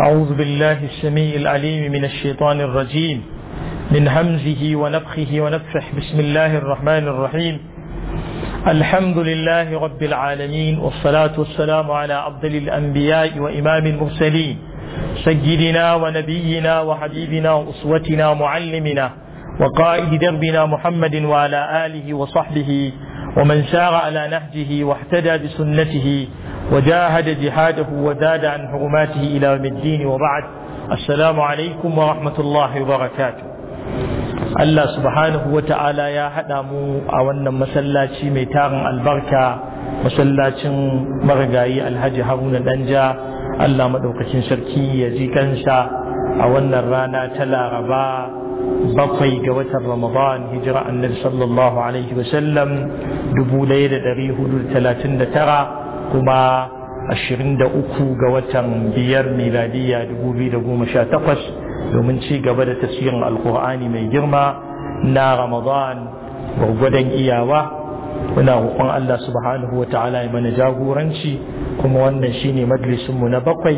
أعوذ بالله السميع العليم من الشيطان الرجيم من همزه ونفخه ونفخه بسم الله الرحمن الرحيم الحمد لله رب العالمين والصلاة والسلام على أفضل الأنبياء وإمام المرسلين سيدنا ونبينا وحبيبنا وأسوتنا معلمنا وقائد دربنا محمد وعلى آله وصحبه ومن سار على نهجه واحتدى بسنته وجاهد جهاده وزاد عن حرماته إلى يوم الدين وبعد السلام عليكم ورحمة الله وبركاته Allah subhanahu wa ta'ala ya haɗa mu a wannan masallaci mai tarin albarka masallacin marigayi alhaji haruna danja Allah maɗaukacin sarki ya ji kansa a wannan rana ta laraba bakwai ga watan ramadan hijira annabi sallallahu alaihi sallam dubu ɗaya da ɗari hudu da talatin da tara kuma ashirin da uku ga watan biyar miladiya dubu biyu da goma sha takwas domin ci gaba da tasirin alkur'ani mai girma na ramadan gwargwadon iyawa muna roƙon Allah subhanahu wa ta'ala ya mana jagoranci kuma wannan shine majalisin mu na bakwai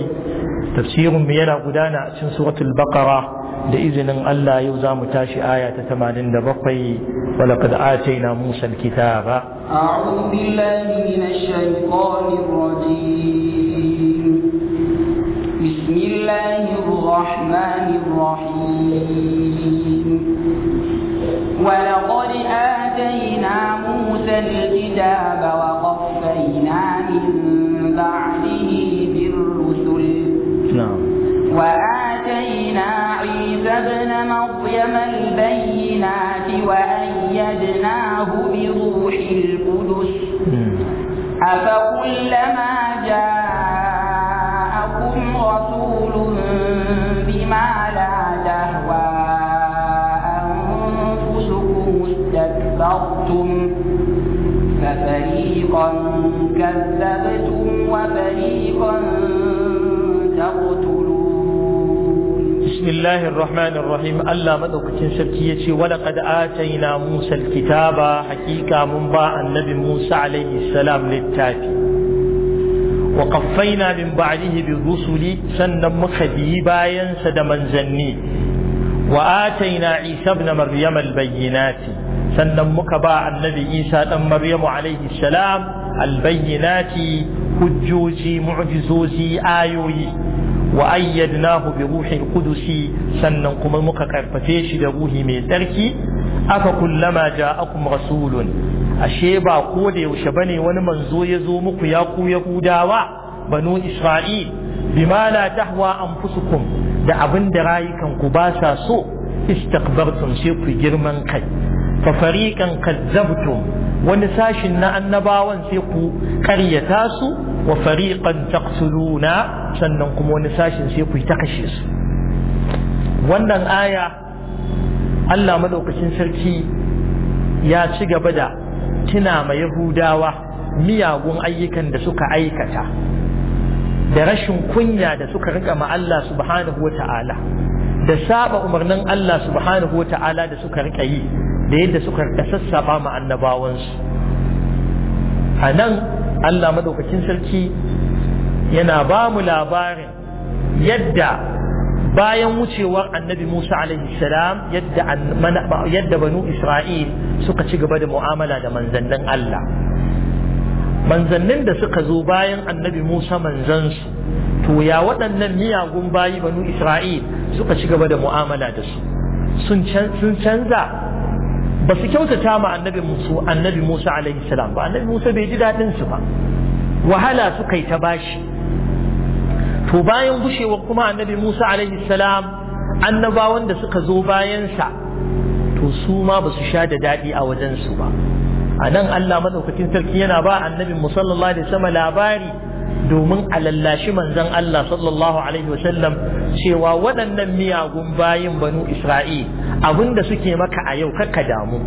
tafsirin mu yana gudana a cikin suratul baqara da izinin Allah yau za mu tashi aya ta 87 wa laqad atayna musa alkitaba a'udhu billahi minash shaitanir rajim bismillahir rahmanir rahim ولقد آتينا موسى الكتاب وقفينا من بعده بالرسل نعم وآتينا عيسى ابن مريم البينات وأيدناه بروح القدس أفكلما جاءكم رسول بما لا تهوى أنفسكم استكبرتم فريقا كذبتم وفريقا تقتلون بسم الله الرحمن الرحيم ألا مدوكتين سبكيتي ولقد آتينا موسى الكتاب حقيقة من باع النبي موسى عليه السلام للتاتي وقفينا من بعده بالرسل سنن مكدي باين سد منزني وآتينا عيسى ابن مريم البينات sannan muka ba annabi isa ɗan maryamu alaihi salam albayyinati hujjoji mu'jizoji ayoyi wa ayyadnahu bi ruhi qudusi sannan kuma muka karfafe shi da ruhi mai tsarki aka kullama ja'akum rasulun ashe ba ko da yaushe bane wani manzo ya zo muku ya ku yahudawa banu isra'il bima la tahwa anfusukum da abin da rayukan ku ba sa so istakbartum sai ku girman kai fa fariƙan kazzabtum wani sashin na annabawan sai ku karyata su wa fariqan taqtuluna sannan kuma wani sashin sai ku ta kashe su wannan aya Allah madaukakin sarki ya ci gaba da tuna ma Yahudawa miyagun ayyukan da suka aikata da rashin kunya da suka rika ma Allah subhanahu wa ta'ala da saba umarnin Allah subhanahu wa ta'ala da suka rika yi da yadda suka sassaba ma annabawansu a nan Allah madaukakin sarki yana ba mu labarin yadda bayan wucewar annabi Musa alaihi salam yadda banu Isra'il suka ci gaba da mu'amala da manzannin Allah manzannin da suka zo bayan annabi Musa manzansu to ya waɗannan miyagun bayi banu Isra'il suka ci gaba da mu'amala da su sun canza ba su kyautata ma annabi musa annabi musa alaihi salam ba annabi musa bai ji dadin su ba wahala suka yi ta bashi to bayan gushewar kuma annabi musa alaihi salam annabawan da suka zo bayansa to su ma ba su sha da daɗi a wajensu ba a nan allah madaukakin sarki yana ba annabi sallallahu alaihi sama labari domin a lallashi manzon allah sallallahu alaihi wasallam cewa waɗannan miyagun bayin banu isra'il abin da suke maka a yau kakka damu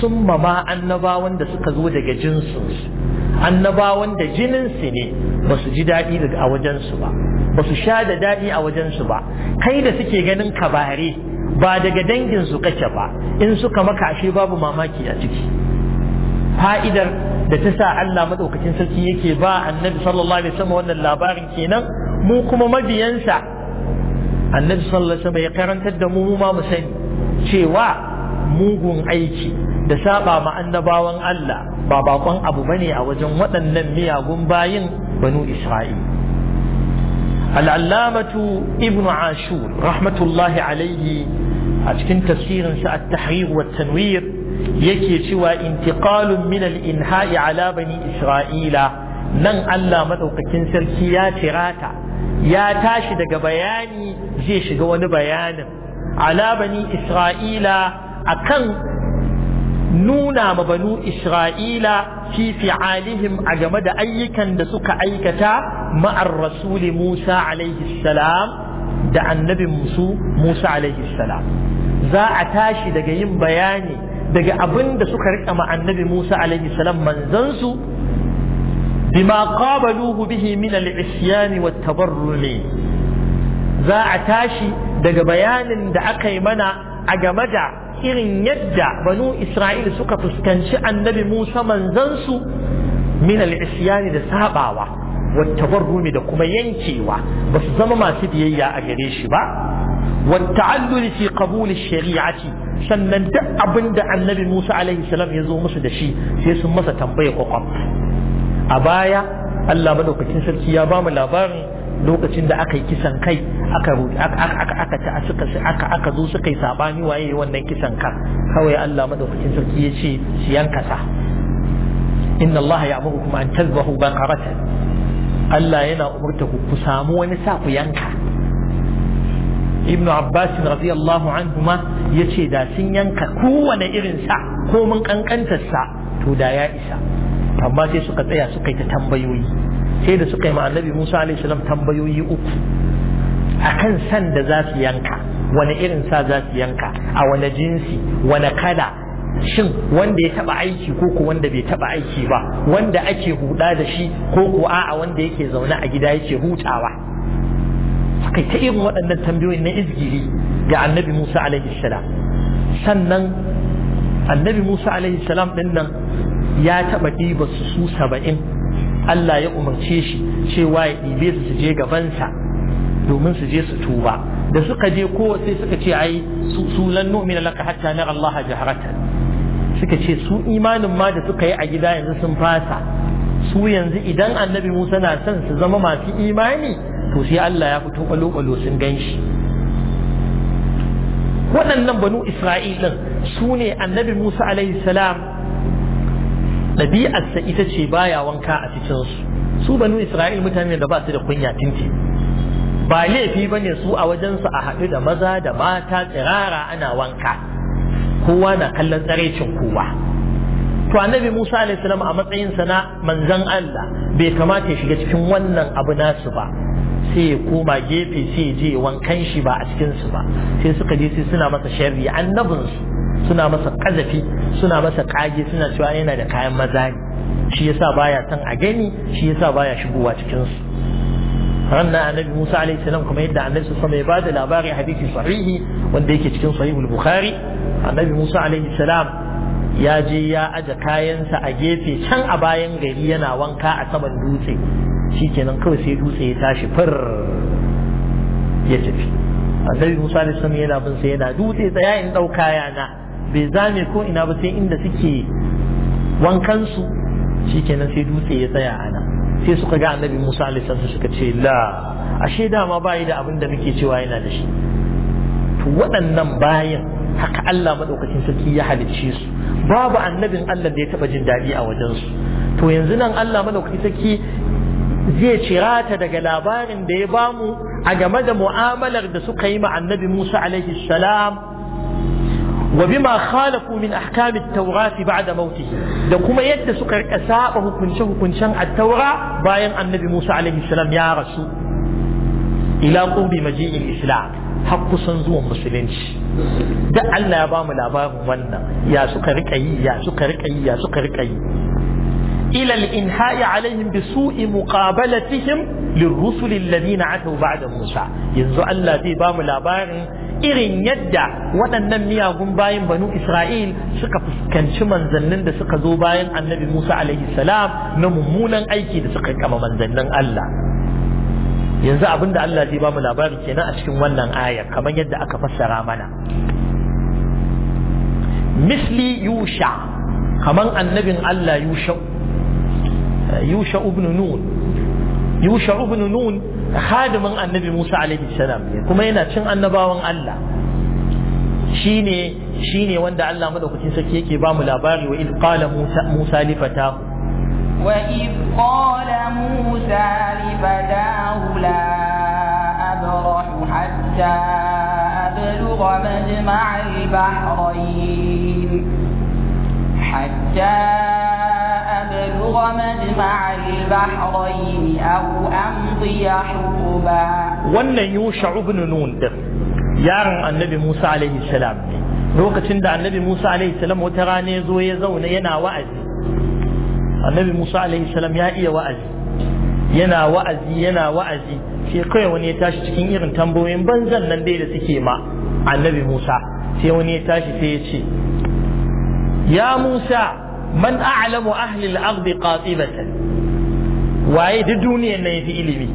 sun ma annabawan da suka zo daga jinsu. annabawan da jininsu ne ba su ji daɗi a wajensu ba ba su sha da daɗi a wajensu ba kai da suke ganin kabare ba daga danginsu kake ba in suka maka ashe babu mamaki a ciki fa'idar da ta sa Allah maɗaukacin sarki yake ba annabi sallallahu alaihi wasallam wannan labarin kenan mu kuma mabiyansa annabi sallallahu alaihi ya karantar da mu mu ma mu sani cewa mugun aiki da saba ma annabawan Allah ba bakon abu bane a wajen waɗannan miyagun bayin banu Isra'il al'allamatu ibnu ashur rahmatullahi alaihi a cikin sa at-tahrir wa tanwir yake cewa intiqalun min al-inha'i ala bani isra'ila nan Allah maɗaukacin sarki ya tirata ya tashi daga bayani zai shiga wani bayanin ala bani isra'ila akan nuna ma banu isra'ila fi fi'alihim a game da ayyukan da suka aikata ma'ar rasuli Musa alaihi salam da annabin musu Musa alaihi salam za a tashi daga yin bayani daga abin da suka rika ma annabi Musa alaihi salam manzansu bima qabaluhu bihi min al-isyan wa tabarrumi za a tashi daga bayanin da aka yi mana a game da irin yadda banu Isra'ila suka fuskanci annabi Musa manzansu min al-isyan da sabawa wa tabarrumi da kuma yankewa ba su zama masu biyayya a gare shi ba wa ta'alluli fi qabul shari'ati sannan duk abinda annabi Musa alaihi salam ya zo musu da shi sai sun masa tambaya kwakwam a baya Allah madaukakin sarki ya ba mu labarin lokacin da aka yi kisan kai aka aka aka aka aka zo suka yi sabani waye wannan kisan ka kawai Allah madaukakin sarki ya ce shi yanka sa inna Allah kuma an tazbahu baqaratan Allah yana umurta ku ku samu wani sa ku yanka Ibn Abbas radiyallahu anhuma yace da sun yanka kowane irin sa ko mun kankantar sa to da ya isa amma sai suka tsaya suka yi ta tambayoyi sai da suka yi ma annabi Musa alaihi salam tambayoyi uku akan san da za su yanka wani irin sa za su yanka a wani jinsi wani kala shin wanda ya taba aiki ko ko wanda bai taba aiki ba wanda ake huda da shi ko ko a'a wanda yake zaune a gida yake hutawa kai ta irin waɗannan tambayoyin na izgiri ga annabi Musa alaihi salam sannan annabi Musa alaihi salam din nan ya taɓa ɗiba su su saba'in Allah ya umarce shi cewa ya ɗibe su su je gabansa domin su je su tuba da suka je ko sai suka ce ai su lan nu'mina laka hatta na Allah jaharatan suka ce su imanin ma da suka yi a gida yanzu sun fasa su yanzu idan annabi Musa na son su zama masu imani to sai Allah ya fito kwalo-kwalo sun gan shi waɗannan banu Isra'ilin su ne annabi Musa alaihi salam ɗabi'arsa ita ce baya wanka a cikinsu su banu isra'il mutane da ba su da kunya tinti ba laifi ba ne su a wajensu a haɗu da maza da mata tsirara ana wanka kowa na kallon tsarecin kowa to annabi musa alaihi a matsayinsa na manzon allah bai kamata ya shiga cikin wannan abu nasu ba sai ya koma gefe sai je wankan shi ba a cikin su ba sai suka je sai suna masa sharri annabinsu su suna masa kazafi suna masa kage suna cewa yana da kayan maza ne shi yasa baya san a gani shi yasa baya shigowa cikin su ranar annabi Musa alaihi salam kuma yadda annabi sama ya bada labari hadisi sahihi wanda yake cikin sahihul bukhari annabi Musa alaihi salam ya je ya aje kayansa a gefe can a bayan gari yana wanka a saman dutse kenan kawai sai dutse ya tashi fir ya tafi A annabi Musa da sami yana bin sai yana dutse tsaya in dau na. bai zame ko ina ba sai inda suke wankansu. shi kenan sai dutse ya tsaya ana sai suka ga annabi Musa alaihi salam suka ce la ashe dama bai da abin da muke cewa yana da shi to waɗannan bayan haka Allah madaukakin sarki ya halicce su babu annabin Allah da ya taba jin daɗi a wajen su to yanzu nan Allah madaukakin sarki zai cirata daga labarin da ya bamu a game da mu'amalar da suka yi ma annabi Musa alaihi salam wa bima khalafu min ahkam at-taurat ba'da mautih da kuma yadda suka rika saba hukunce hukuncen at-taura bayan annabi Musa alaihi salam ya rasu ila qurbi maji'il islam har kusan zuwan musulunci da Allah ya bamu labarin wannan ya suka rika yi ya suka rika yi ya suka rika yi إلى الإنهاء عليهم بسوء مقابلتهم للرسل الذين عتوا بعد موسى ينزو ألا زي بام لابار إرن يدع ودن مياهم باين بنو إسرائيل سكا كان شمن زنن دا سكا زو باين عن نبي موسى عليه السلام نممونا أيكي دا سكا كما من زنن ألا ينزو أبن دا ألا زي بام لابار كنا أشكم ونن آية كما يدع أكفسر آمنا مثل يوشع kaman annabin Allah Yusha yusha ibn nun yusha ibn annabi Musa alaihi salam kuma yana cin annabawan Allah shine shine wanda Allah madaukakin sarki yake ba mu labari wa id Musa Musa أبلغ مجمع البحرين أو أمضي حقبا wannan yusha ibn nun din yaron annabi Musa alaihi salam lokacin da annabi Musa alaihi salam wata rana ya zo ya zauna yana wa'azi annabi Musa alaihi salam ya iya wa'azi yana wa'azi yana wa'azi sai kai wani ya tashi cikin irin tambayoyin banzan nan dai da suke ma annabi Musa sai wani ya tashi sai ya ce ya Musa man a'lamu ahli al-ardi qatibatan waye duk duniyar nan yafi ilimi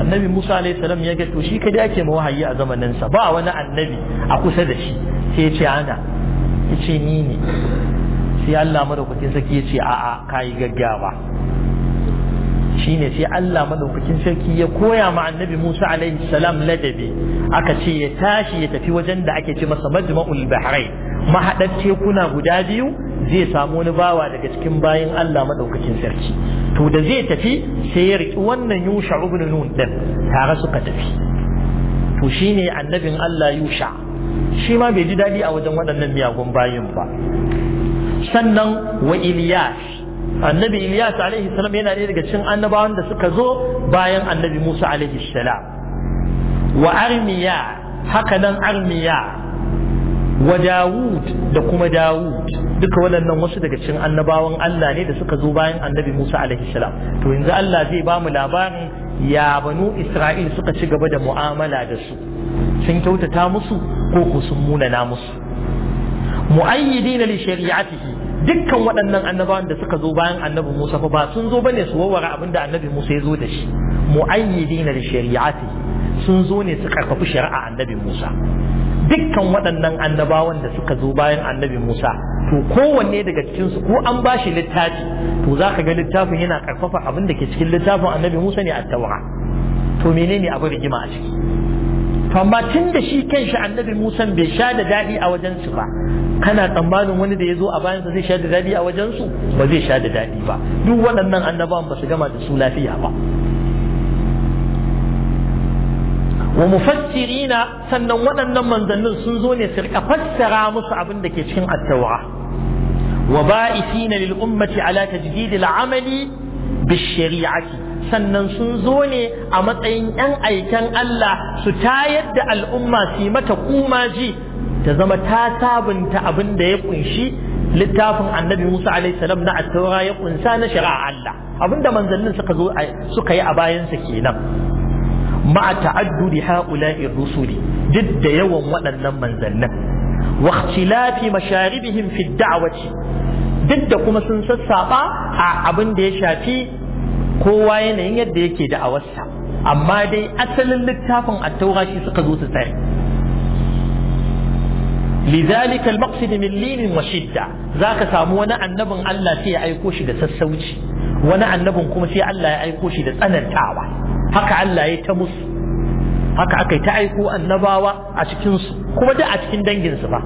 annabi Musa alayhi salam ya ga to shi kadai ake mawahayi a zamanin sa ba wani annabi a kusa da shi sai ya ce ana ya ce ni ne sai Allah madaukakin sarki ya ce a'a kai gaggawa ne sai Allah madaukakin sarki ya koya ma annabi Musa alaihi salam ladabi aka ce ya tashi ya tafi wajen da ake ce masa majma'ul bahrain mahadar tekuna guda biyu zai samu wani bawa daga cikin bayan Allah maɗaukacin sarki to da zai tafi sai ya riki wannan yusha ibn nun din tare suka tafi to shine annabin Allah yusha shi ma bai ji dadi a wajen waɗannan miyagun bayan ba sannan wa Ilyas annabi Ilyas alaihi salam yana ɗaya daga cikin annabawan da suka zo bayan annabi Musa alaihi salam wa armiya haka nan armiya wa Dawud da kuma Dawud duka waɗannan wasu daga cikin annabawan Allah ne da suka zo bayan annabi Musa alaihi salam to yanzu Allah zai bamu labarin ya Isra'il suka ci gaba da mu'amala da su sun kyautata musu ko ko sun munana musu mu'ayyidina li shari'atihi dukkan waɗannan annabawan da suka zo bayan annabi Musa fa ba sun zo bane su warware abin da annabi Musa ya zo da shi mu'ayyidina li shari'atihi sun zo ne su karfafi shari'a annabi Musa dukkan waɗannan annabawan da suka zo bayan annabi Musa to kowanne daga cikinsu ko an ba shi littafi to za ka ga littafin yana karfafa abin da ke cikin littafin annabi Musa ne a taura to menene abu rigima a ciki to amma tun da shi kanshi annabi Musa bai sha da daɗi a wajen su ba kana tsammanin wani da ya zo a bayansa zai sha da daɗi a wajen su ba zai sha da daɗi ba duk waɗannan annabawan ba su gama da su lafiya ba wa sannan waɗannan manzannin sun zo ne su rika fassara musu abin da ke cikin attaura wa ba'isina lil ummati ala tajdid al amali bis shari'ati sannan sun zo ne a matsayin yan aikan Allah su tayar da al'umma su mata ji ta zama ta sabunta abin da ya kunshi littafin annabi Musa alaihi salam na attaura ya kunsa na shari'a Allah abinda manzannin suka zo suka yi a bayansa kenan ma'a ta'addudi ha'ula'i rusuli duk da yawan waɗannan manzannin wa ikhtilafi masharibihim fi da'wati duk da kuma sun sassaɓa a abin da ya shafi kowa yanayin yadda yake da'awarsa amma dai asalin littafin at shi suka zo su tsare لذلك المقصد من لين وشدة ذاك سامو وانا النبن الله سي sassauci wani سسوشي kuma sai Allah سي aiko shi da سنن تعوى haka Allah ya ta musu haka aka yi ta aiko annabawa a cikinsu kuma da a cikin danginsu ba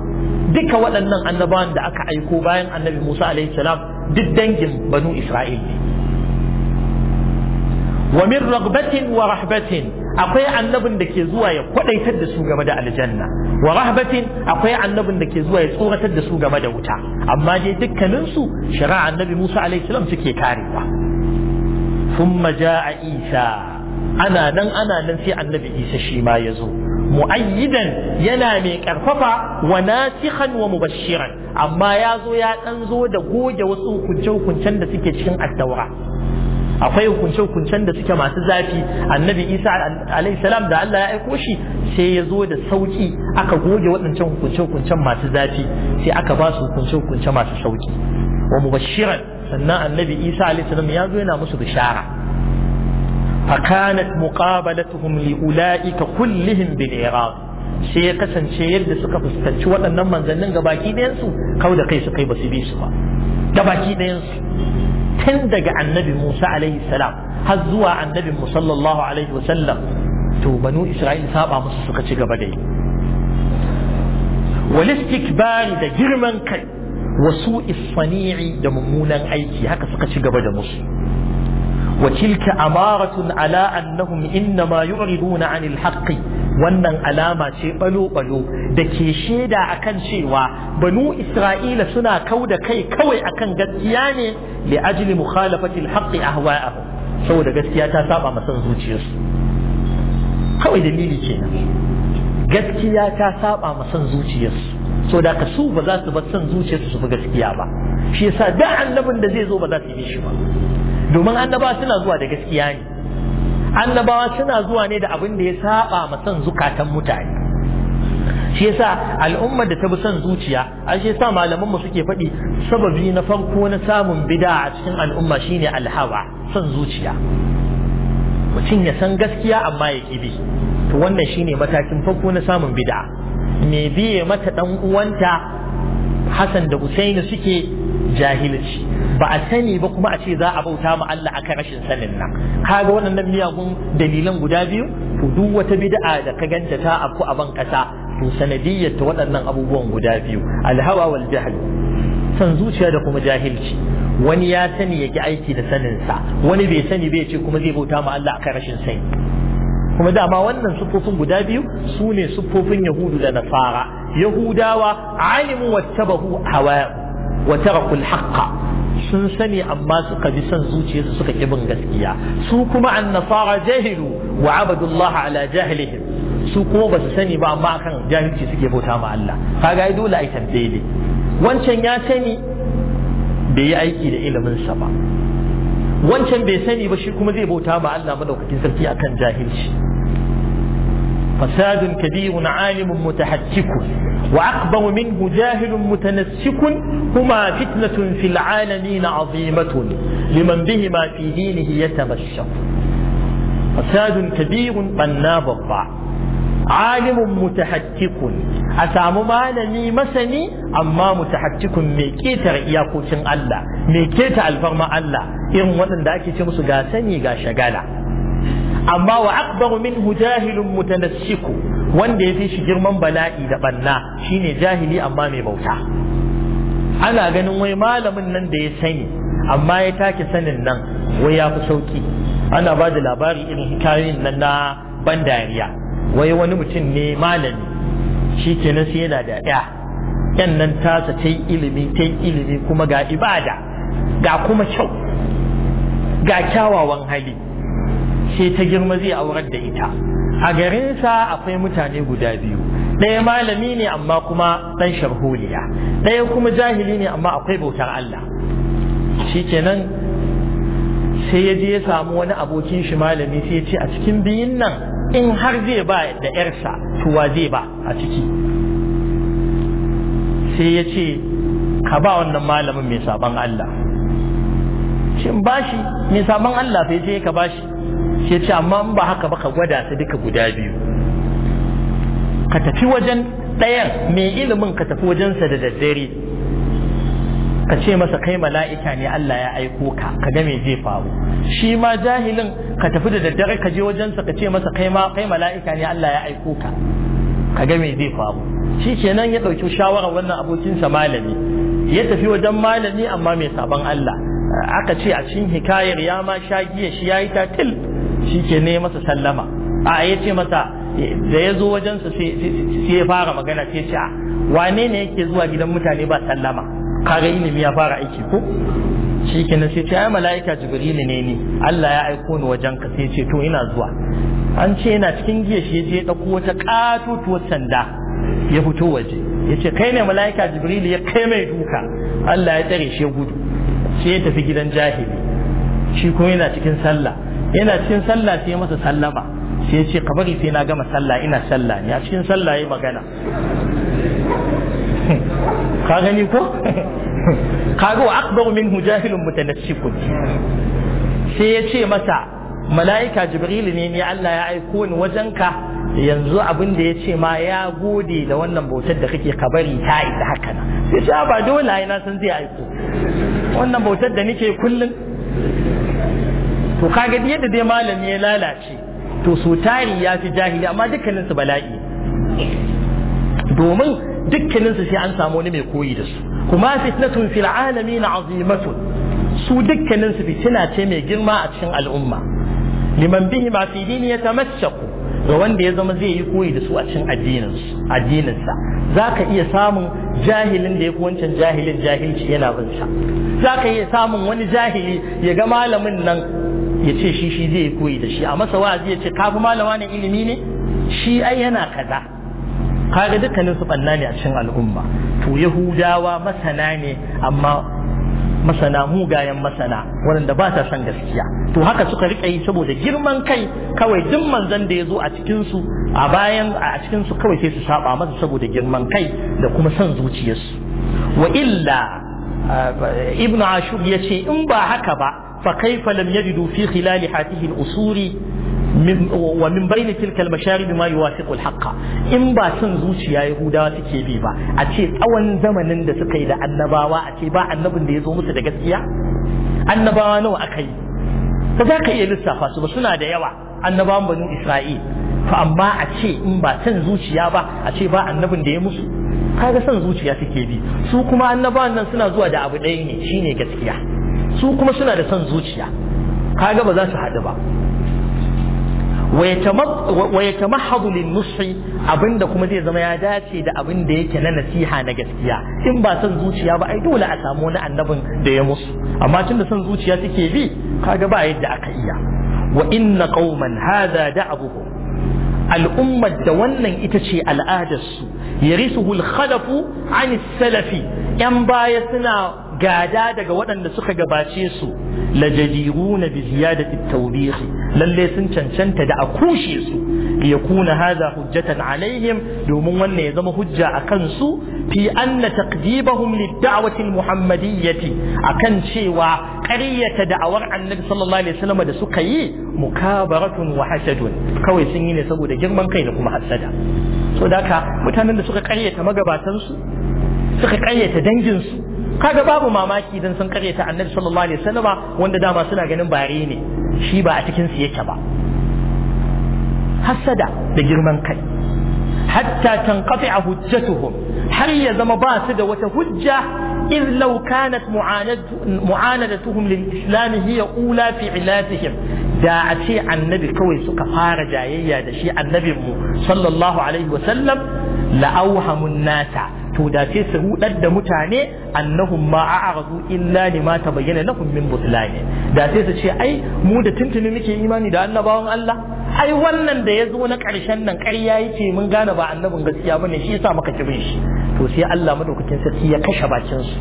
duka waɗannan annabawan da aka aiko bayan annabi Musa alaihi salam duk dangin banu Isra'il ne wa min ragbatin wa rahbatin akwai annabin da ke zuwa ya kwadaitar da su game da aljanna wa rahbatin akwai annabin da ke zuwa ya tsoratar da su game da wuta amma dai dukkanin su shari'a annabi Musa alaihi salam suke karewa thumma jaa Isa ana nan ana nan sai annabi isa shi ma ya zo mu'ayyidan yana mai karfafa wa nasikhan wa mubashiran amma ya zo ya dan zo da goge wasu hukunce-hukuncen da suke cikin addaura akwai hukunce-hukuncen da suke masu zafi annabi isa alaihi salam da Allah ya aiko shi sai ya zo da sauki aka goge waɗancan hukunce-hukuncen masu zafi sai aka ba su hukunce-hukunce masu sauki wa mubashiran sannan annabi isa alaihi salam ya zo yana musu bishara فكانت مقابلتهم لأولئك كلهم بالعراق sai ya kasance yadda suka fuskanci waɗannan manzannin ga baki ɗayansu kawai da kai su kai basu bi su ba ga baki ɗayansu tun daga annabi Musa alaihi salam har zuwa annabi sallallahu alaihi wasallam to banu Isra'il saba musu suka ci gaba dai wal istikbari da girman kai wasu isfani'i da mummunan aiki haka suka ci gaba da musu وتلك أمارة على أنهم إنما يعرضون عن الحق wannan alama ce balo-balo da ke shaida akan cewa banu isra'ila suna kau da kai kawai akan gaskiya ne li ajili mukhalafatil haqqi ahwa'ahu saboda gaskiya ta saba masa zuciyarsu kawai dalili kenan gaskiya ta saba masa zuciyarsu so da ka su ba za su bar son zuciyarsu su bi gaskiya ba shi yasa da annabin da zai zo ba za su yi shi ba domin annabawa suna zuwa da gaskiya ne annabawa suna zuwa ne da abin da ya saba ma son zukatan mutane shi yasa al'ummar da ta bi son zuciya an shi yasa malaman mu suke faɗi sababi na farko na samun bid'a a cikin al'umma shine alhawa son zuciya mutum ya san gaskiya amma ya kibi to wannan shine matakin farko na samun bid'a me biye mata dan uwanta Hassan da Husaini suke jahilci ba a sani ba kuma a ce za a bauta ma Allah akan rashin sanin nan kaga waɗannan miyagun dalilan guda biyu to duk wata bid'a da ka ganta ta afku a ban kasa to sanadiyyar ta waɗannan abubuwan guda biyu alhawa wal jahl san zuciya da kuma jahilci wani ya sani yake aiki da saninsa wani bai sani bai ce kuma zai bauta ma Allah akan rashin sani kuma dama wannan sufofin guda biyu su ne sufofin yahudu da nasara yahudawa alimu wattabahu hawa wa tarakul haqqa sun sani amma suka bi son zuciyarsu suka ki bin gaskiya su kuma annasara jahilu wa abadullah ala jahlihim su kuma ba su sani ba amma akan jahilci suke bauta ma Allah kaga ai dole ai tambaye wancan ya sani bai yi aiki da ilimin sa ba wancan bai sani ba shi kuma zai bauta ma Allah madaukakin sarki akan jahilci فساد كبير عالم متحكك وأكبر منه جاهل متنسك هما فتنة في العالمين عظيمة لمن بهما في دينه يتمشى فساد كبير بناب الضع عالم متحكك أسام مالني مسني أما متحكك ميكيتر إياكوشن الله ميكيتر الفرما الله irin waɗanda ake ce musu ga sani ga shagala amma wa akbaru min jahilun mutanassiku wanda ya fi shi girman bala'i da banna shine jahili amma mai bauta ana ganin wai malamin nan da ya sani amma ya take sanin nan wai ya fi sauki ana ba da labari irin hikayoyin nan na ban dariya wai wani mutum ne malami shi kenan sai yana da ɗaya yan nan tasa ta yi ilimi ta yi ilimi kuma ga ibada ga kuma kyau ga kyawawan hali sai ta girma zai aurar da ita a garinsa akwai mutane guda biyu ɗaya malami ne amma kuma ɗan sharholiya ɗaya kuma jahili ne amma akwai bautar Allah shi kenan sai ya je ya samu wani abokin shi malami sai ya ce a cikin biyun nan in har zai ba da ‘yarsa tuwa zai ba a ciki sai ya ce ka ba wannan malamin mai sabon Allah ce in bashi mai sabon Allah sai sai ka bashi sai ce amma in ba haka ba ka gwada su duka guda biyu ka tafi wajen ɗayan mai ilimin ka tafi wajensa da daddare ka ce masa kai mala'ika ne Allah ya aiko ka ka ga me zai faru shi ma jahilin ka tafi da daddare ka je wajensa ka ce masa kai ma kai mala'ika ne Allah ya aiko ka ka ga me zai faru shi kenan ya ɗauki shawarar wannan abokinsa malami ya tafi wajen malami amma mai sabon Allah aka ce a cikin hikayar ya ma sha giya shi yayi tatil shi ke ne masa sallama a ya ce masa da ya zo wajensa sai ya fara magana sai ce ah, wane ne yake zuwa gidan mutane ba sallama kaga ilimi ya fara aiki ko shi ne sai ce ai mala'ika jibrilu ne ni Allah ya aiko ni wajen ka sai ce to ina zuwa an ce yana cikin giya shi ya je ya dauko wata katutuwar sanda ya fito waje ya ce kai ne mala'ika jibrilu ya kai mai duka Allah ya tsare shi ya gudu sai ya tafi gidan jahili shi kuma yana cikin sallah yana cikin sallah sai masa sallama sai ya ce ka bari sai na gama sallah ina sallah ne a cikin sallah ya magana ka gani ko ga wa akbar minhu jahilun mutanassiku sai ya ce masa mala'ika jibril ne ni Allah ya aiko ni wajenka yanzu abin da ya ce ma ya gode da wannan bautar da kake kabari ta ta isa haka na sai ce ah, ba dole ai na san zai aiko wannan bautar da nake kullun to kaga yadda dai malami ya lalace to so tari ya fi jahili amma dukkanin su bala'i domin dukkanin su sai an samu wani mai koyi da su kuma fitnatun fil alamin azimatun su dukkanin su fitina ce mai girma a cikin al'umma liman bihi ma fi dini ya ga wanda ya zama zai yi koyi da su a cin addininsa za ka iya samun jahilin da ya fi wancan jahilin jahilci yana binsa za ka iya samun wani jahili ya ga malamin nan ya ce shi shi zai yi koyi da shi a masa wa zai ce kafi malama ne ilimi ne shi ai yana kaza kaga dukkanin su banna ne a cikin al'umma to yahudawa masana ne amma masana mugayen masana waɗanda ba ta son gaskiya to haka suka riƙa yi saboda girman kai kawai duk manzon da ya zo a cikinsu a bayan a cikinsu kawai sai su saba masa saboda girman kai da kuma son zuciyarsu wa illa ibnu ashur ya ce in ba haka ba fa kaifa lam yajidu fi khilali hatihi al-usuri wa min bayni tilkal masharib ma yuwafiqu al-haqqa in ba son zuciya yahudawa suke bi ba a ce tsawon zamanin da suka yi da annabawa a ce ba annabin da ya zo musu da gaskiya annabawa nawa aka yi ba za ka iya lissafa su ba suna da yawa annabawan banu isra'il fa amma a ce in ba son zuciya ba a ce ba annabin da ya musu kaga son zuciya suke bi su kuma annabawan nan suna zuwa da abu ɗaya ne shine gaskiya su kuma suna da son zuciya kaga ba za su haɗu ba wa yatamahhadu lin-nushi abinda kuma zai zama ya dace da abin da yake na nasiha na gaskiya in ba son zuciya ba ai dole a samu wani annabin da ya musu amma da son zuciya take bi kaga ba yadda aka iya wa inna qauman hadha da'abuhum al'ummar da wannan ita ce al'adarsu yarisuhul khalafu anis salafi yan baya suna gada daga waɗanda suka gabace su lajadiruna na ziyadati tawbih lalle sun cancanta da a kushe su ya kuna haza hujjatan alaihim domin wannan ya zama hujja a kansu fi anna taqdibahum lid muhammadiyyati akan cewa ƙaryata da'awar annabi sallallahu alaihi wasallam da suka yi mukabaratun wa hasadun kawai sun yi ne saboda girman kai da kuma hasada so da haka mutanen da suka magabatan su suka dangin danginsu kaga babu mamaki dan sun kare ta annabi sallallahu alaihi wasallama wanda dama suna ganin bare ne shi ba a cikin su yake ba hasada da girman kai hatta tanqati'a hujjatuhum har ya zama ba su da wata hujja إذ لو كانت معاندتهم للإسلام هي أولى في علاتهم da a ce annabi kawai suka fara jayayya da shi annabinmu sallallahu alaihi la'auhamun nata to da ce su hudar da mutane annahum ma a'radu illa lima tabayyana lahum min butlani da sai su ce ai mu da tuntuni muke imani da annabawan Allah ai wannan da ya zo na ƙarshen nan ƙarya yake mun gane ba annabin gaskiya bane shi yasa muka kibin shi to sai Allah madaukakin sarki ya kashe bakin su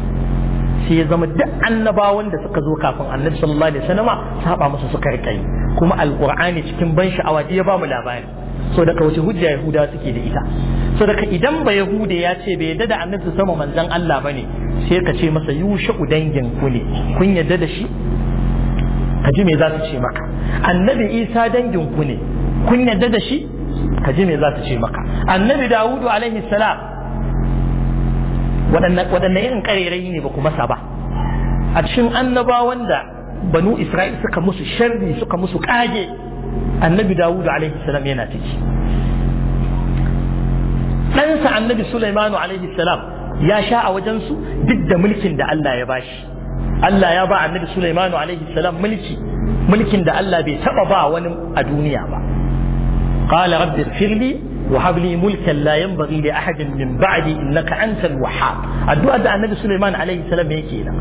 sai ya zama duk annabawan da suka zo kafin annabi sallallahu alaihi wasallam saba musu suka rike kuma alqur'ani cikin ban sha'awa ya ba mu labari so daga wace hujja yahuda suke da ita so daga idan ba yahude ya ce bai yadda da annabi sama manzon Allah bane sai ka ce masa yusha udangin ku ne kun yadda da shi ka ji me za su ce maka annabi isa dangin ku ne kun yadda da shi ka ji me za su ce maka annabi dawudu alaihi salam waɗanne irin ƙarerayi ne ba ku masa ba a cikin annabawan da banu isra'il suka musu sharri suka musu ƙage annabi dawudu alaihi salam yana ciki ɗansa annabi Sulaimanu alaihi salam ya sha a wajensu duk da mulkin da Allah ya bashi Allah ya ba annabi Sulaimanu alaihi salam mulki mulkin da Allah bai taɓa ba wani a duniya ba qala rabbi firli wa habli mulkan la yanbaghi li ahadin min ba'di innaka antal wahhab addu'a da annabi Sulaiman alaihi salam yake da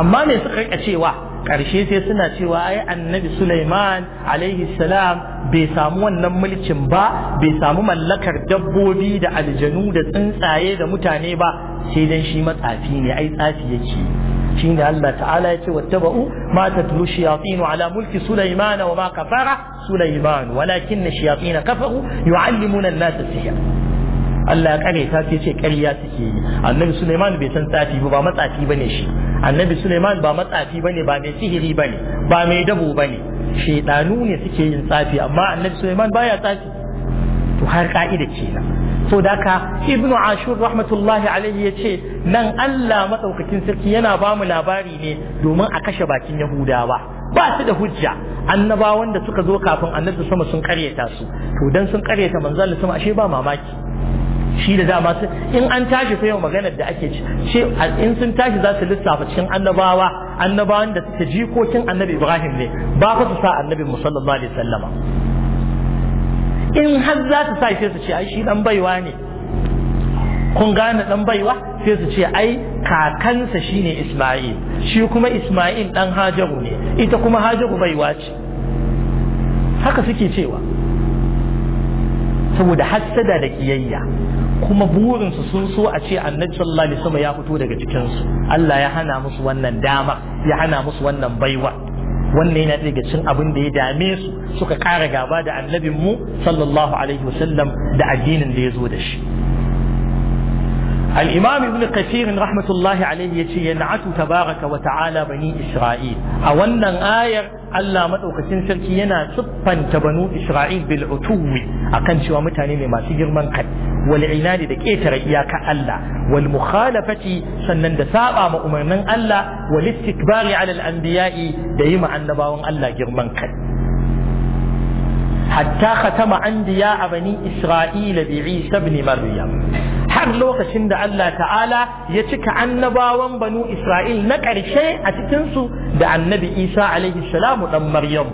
amma me suka rika cewa ƙarshe sai suna cewa ai annabi Sulaiman alaihi salam bai samu wannan mulkin ba bai samu mallakar dabbobi da aljanu da tsuntsaye da mutane ba sai dan shi matsafi ne ai tsafi yake shi ne Allah ta'ala ya ce wattaba'u ma tatlu shayatin ala mulki Sulaiman wa ma kafara Sulaiman walakin shayatin kafaru yu'allimuna an-nasa sihr Allah ya kare ta sai ce ƙarya suke yi annabi Suleiman bai san tsafi ba ba matsafi bane shi annabi Suleiman ba matsafi bane ba mai sihiri bane ba mai dabo bane shedanu ne suke yin tsafi amma annabi Suleiman baya tsafi to har ka'ida na so da ka ibnu ashur rahmatullahi alaihi ya ce nan Allah matsaukakin sarki yana ba mu labari ne domin a kashe bakin yahudawa ba su da hujja annabawan da suka zo kafin annabi sama sun karyata su to dan sun karyata manzo Allah sama ashe ba mamaki shi da dama in an tashi fa yau maganar da ake ci ce in sun tashi za su lissafa cikin annabawa annabawan da suke jikokin annabi Ibrahim ne ba fa su sa annabi musallallahu alaihi wasallama in har za su sa sai su ce ai shi dan baiwa ne kun gane dan baiwa sai su ce ai kakansa shine Isma'il shi kuma Isma'il dan Hajaru ne ita kuma Hajaru baiwa ce haka suke cewa saboda hassada da kiyayya kuma burinsu sun so a ce annabi sallallahu alaihi wasallam ya fito daga cikinsu Allah ya hana musu wannan dama ya hana musu wannan baiwa wannan yana daga cikin abin da ya dame su suka kara gaba da annabinmu sallallahu alaihi wasallam da addinin da ya zo da shi الإمام ابن كثير رحمة الله عليه يتي ينعت تبارك وتعالى بني إسرائيل أولا آية ألا مدوكسين سركي ينا سبا تبنو إسرائيل بالعتو أكن شوى متاني لما سجر من قد والعناد دك إيتر إياك ألا والمخالفة سنن دساء ما أمرنا ألا والاستكبار على الأنبياء دايما أن نباون ألا جر من قد hatta khatama anbiya a bani isra'ila bi isa ibn maryam har lokacin da Allah ta'ala ya cika annabawan banu isra'il na ƙarshe a cikinsu da annabi isa alaihi salamu dan maryam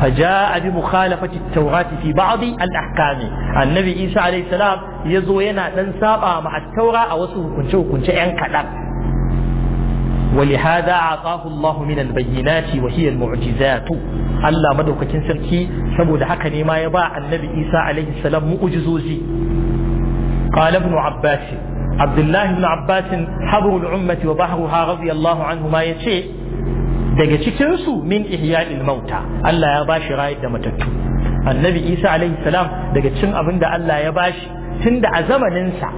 فجاء بمخالفة التوراة في بعض الأحكام النبي إيسى عليه السلام يزو ينا ننسابا مع التوراة أو hukunce كنشو كنش أنكلم ولهذا أعطاه الله من البينات وهي المعجزات الله مدوك تنسركي سبو دحكني ما يباع النبي إيسى عليه السلام مؤجزوزي قال ابن عباس عبد الله بن عباس حبر الأمة وبحرها رضي الله عنهما يتشي daga cikinsu min ihya'il mauta Allah ya bashi rayar da matattu annabi Isa alaihi salam daga cikin abin Allah ya bashi tun da a zamaninsa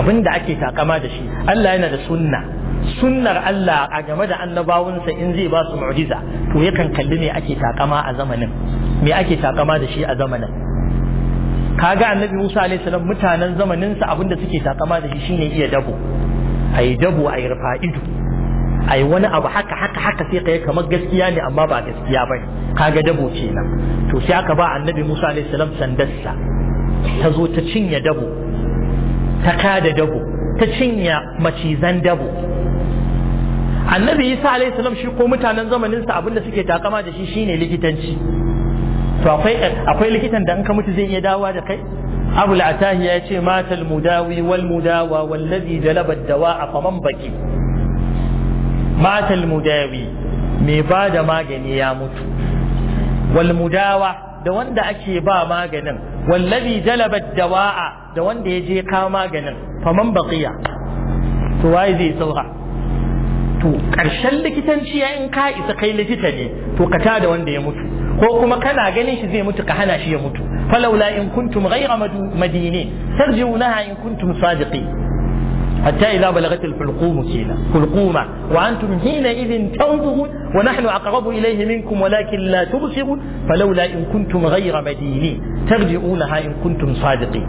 abin ake takama da shi Allah yana da sunna sunnar Allah a game da annabawansa in zai ba su mu'jiza to yakan kalli me ake takama a zamanin me ake takama da shi a zamanin kaga annabi Musa alaihi salam mutanen zamanin sa abinda suke takama da shi shine iya dabo ai dabo ai rufa'idu ai wani abu haka haka haka sai kai kamar gaskiya ne amma ba gaskiya bane kaga dabo kenan to sai aka ba annabi Musa alaihi salam sandarsa ta zo ta cinye dabo ta kada dabo ta cinye macizan dabo annabi isa alaihi salam shi ko mutanen zamanin sa abinda suke takama da shi shine likitanci to akwai akwai likitan da an ka mutu zai iya dawa da kai abu atahi ya ce matal mudawi wal mudawa wallazi jalaba dawa fa man baki matal mudawi mai ba da magani ya mutu wal mudawa da wanda ake ba maganin wallazi jalaba dawa'a da wanda ya je kawo maganin fa man baqiya to waye zai saura to ƙarshen likitanci ya in ka isa kai likita ne to ka da wanda ya mutu ko kuma kana ganin shi zai mutu ka hana shi ya mutu falaula in kuntum ghayra madini tarji'unaha in kuntum sadiqin حتى إذا بلغت الحلقوم كينا حلقومة وأنتم حينئذ تنظرون ونحن أقرب إليه منكم ولكن لا تبصرون فلولا إن كنتم غير مدينين ترجعونها إن كنتم صادقين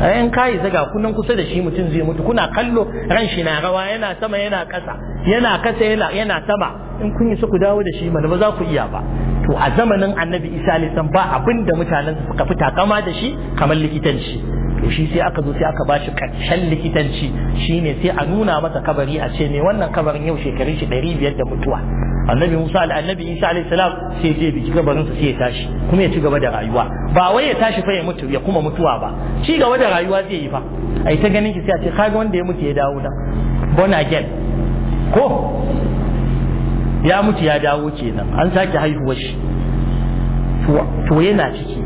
in ka zaga kunan kusa da shi mutum zai mutu kuna kallo ran shi na rawa yana sama yana kasa yana kasa yana yana sama in kun isa ku dawo da shi mana ba za ku iya ba to a zamanin annabi isa san ba abin da mutanen suka fi kama da shi kamar likitanci to shi sai aka zo sai aka bashi karshen likitanci shine sai a nuna masa kabari a ce ne wannan kabarin yau shekarun shi 500 da mutuwa annabi Musa annabi Isa alaihi salam sai je biki gabarin sa sai ya tashi kuma ya ci gaba da rayuwa ba wai ya tashi fa ya mutu ya kuma mutuwa ba ci gaba da rayuwa zai yi fa ai ta ganin ki sai a ce kaga wanda ya mutu ya dawo da born again ko ya mutu ya dawo kenan an sake haihuwar shi to yana ciki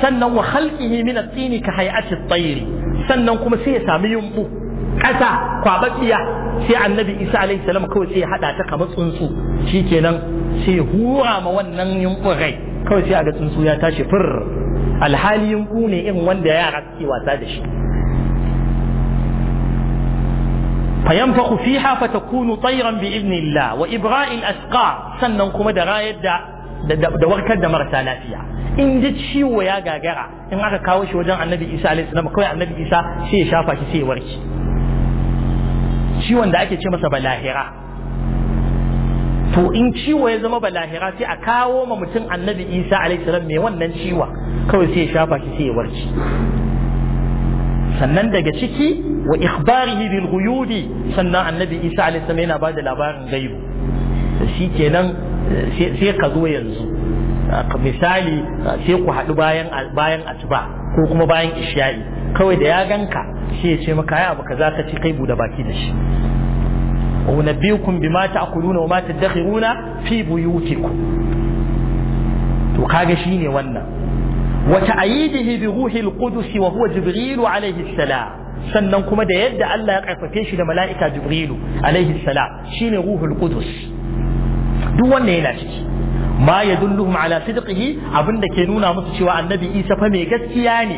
sannan wa khalqihi min at-tini ka hay'ati at-tayr sannan kuma sai ya sami yumbu ƙasa kwabatsiya sai annabi isa alaihi salam kawai sai hada ta kamar tsuntsu shikenan sai hura ma wannan yunƙurai kawai sai a ga tsuntsu ya tashi fur alhali yunku ne irin wanda yara suke wasa da shi فينفخ فيها فتكون طيرا بإذن wa Ibrahim الأسقاء sannan kuma da rayar da da warkar da marasa lafiya in ji ciwo ya gagara in aka kawo shi wajen annabi isa alaihi salam kawai annabi isa sai ya shafa shi sai ya warke ciwon da ake ce masa balahira to in ciwo ya zama balahira sai a kawo ma mutum annabi isa alaihissalam mai wannan ciwa kawai sai ya shafa shi sai ya warci sannan daga ciki wa ikhbarihi bil ghuyubi sannan annabi isa alaihissalam yana ba da labarin gaibu shi kenan eh, sai ka zo yanzu ah, misali ah, sai ku haɗu bayan bayan ko kuma bayan isha'i kawai da ya ganka shi ya ce maka ya abu kaza ka ci kai bude baki da shi wa unabbiukum bima ta'kuluna wa ma tadakhiruna fi buyutikum to kaga shine wannan wa ta'yidihi bi ruhil qudus wa huwa jibril alayhi salam sannan kuma da yadda Allah ya karfafe shi da mala'ika jibrilu alaihi salam shine ruhul qudus duk wannan yana ciki ma yadulluhum ala sidqihi abinda ke nuna musu cewa annabi isa fa mai gaskiya ne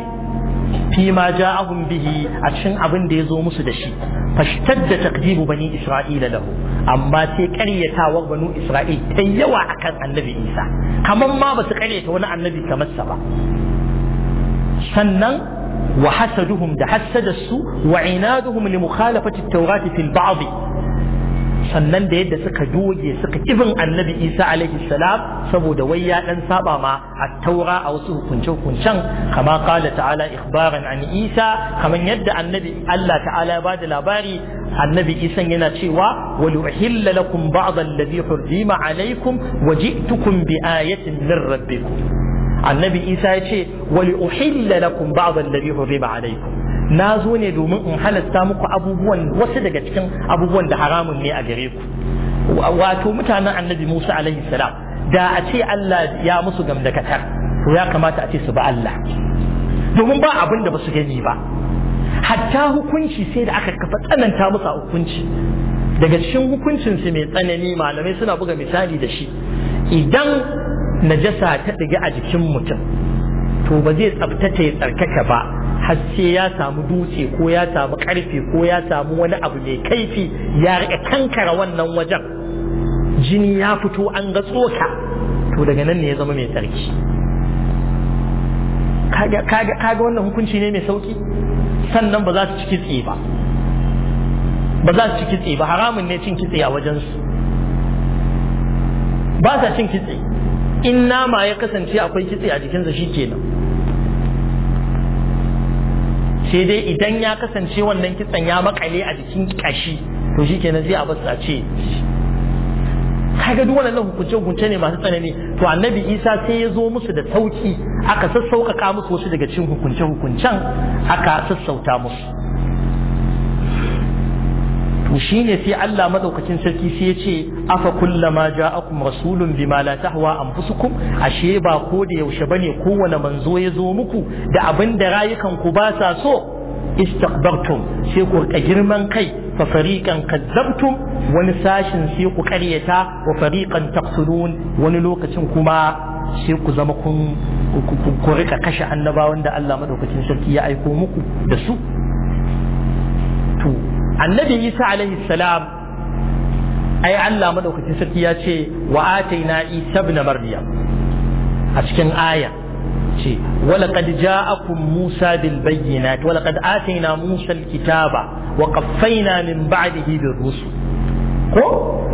fi ma ja'ahum bihi a cikin abin da ya zo musu da shi da takdibu bani isra'ila lahu amma sai karyatawa banu isra'il ta yawa akan annabi isa kamar ma ba su karyata wani annabi kamar sa ba sannan wa hasaduhum da hassada su ni inaduhum li mukhalafati at-taurati fil ba'd sannan da yadda suka doge suka kifin annabi isa alaihi salam saboda wai ya dan saba ma a taura a wasu hukunce-hukuncen kama kala ta'ala ikhbaran an isa kamar yadda annabi Allah ta'ala ya bada labari annabi isa yana cewa wa luhilla lakum ba'd alladhi hurrima alaikum wa ji'tukum bi ayatin min rabbikum annabi isa ya ce wal uhilla lakum ba'd alladhi hurrima alaikum na zo ne domin in halasta muku abubuwan wasu daga cikin abubuwan da haramun ne a gare ku wato mutanen annabi Musa alaihi salam da a ce Allah ya musu gamdakatar to ya kamata a ce su ba Allah domin ba abin da ba su gani ba hatta hukunci sai da aka kafa tsananta musu hukunci daga cikin hukuncin su mai tsanani malamai suna buga misali da shi idan najasa ta ɗiga a jikin mutum to ba zai tsabtace tsarkaka ba hacce ya samu dutse ko ya samu karfe ko ya samu wani abu mai kaifi ya rika kankara wannan wajen jini ya fito an ga tsoka to daga nan ne ya zama mai sarki kaga wannan hukunci ne mai sauki sannan ba za su ci kitse ba ba za su ci kitse ba haramun ne cin kitse a wajensu ba sa cin kitse in nama ya kasance akwai kitse a jikinsa shi kenan sai dai idan ya kasance wannan kitsan ya makale a jikin kashi to shi kenan zai a basu a ce kaga duk wannan hukunce hukunce ne masu tsanani to annabi isa sai ya zo musu da sauki aka sassauƙaƙa musu wasu daga cikin hukunce hukuncen aka sassauta musu shine sai Allah madaukakin sarki sai ya ce afa kullama ja'akum rasulun bima la tahwa anfusukum ashe ba ko da yaushe bane kowane manzo ya zo muku da abin da rayukan ku ba sa so istakbartum sai ku rika girman kai fa fariqan kadzabtum wani sashin sai ku karyata wa fariqan taqtulun wani lokacin kuma sai ku zama kun ku rika kashe annabawan da Allah madaukakin sarki ya aiko muku da su annabi isa alaihi salam ai Allah madaukakin sarki ya ce wa ataina isa ibn maryam a cikin aya ce Musa ولقد جاءكم موسى بالبينات Musa آتينا موسى الكتاب min من بعده بالرسل ko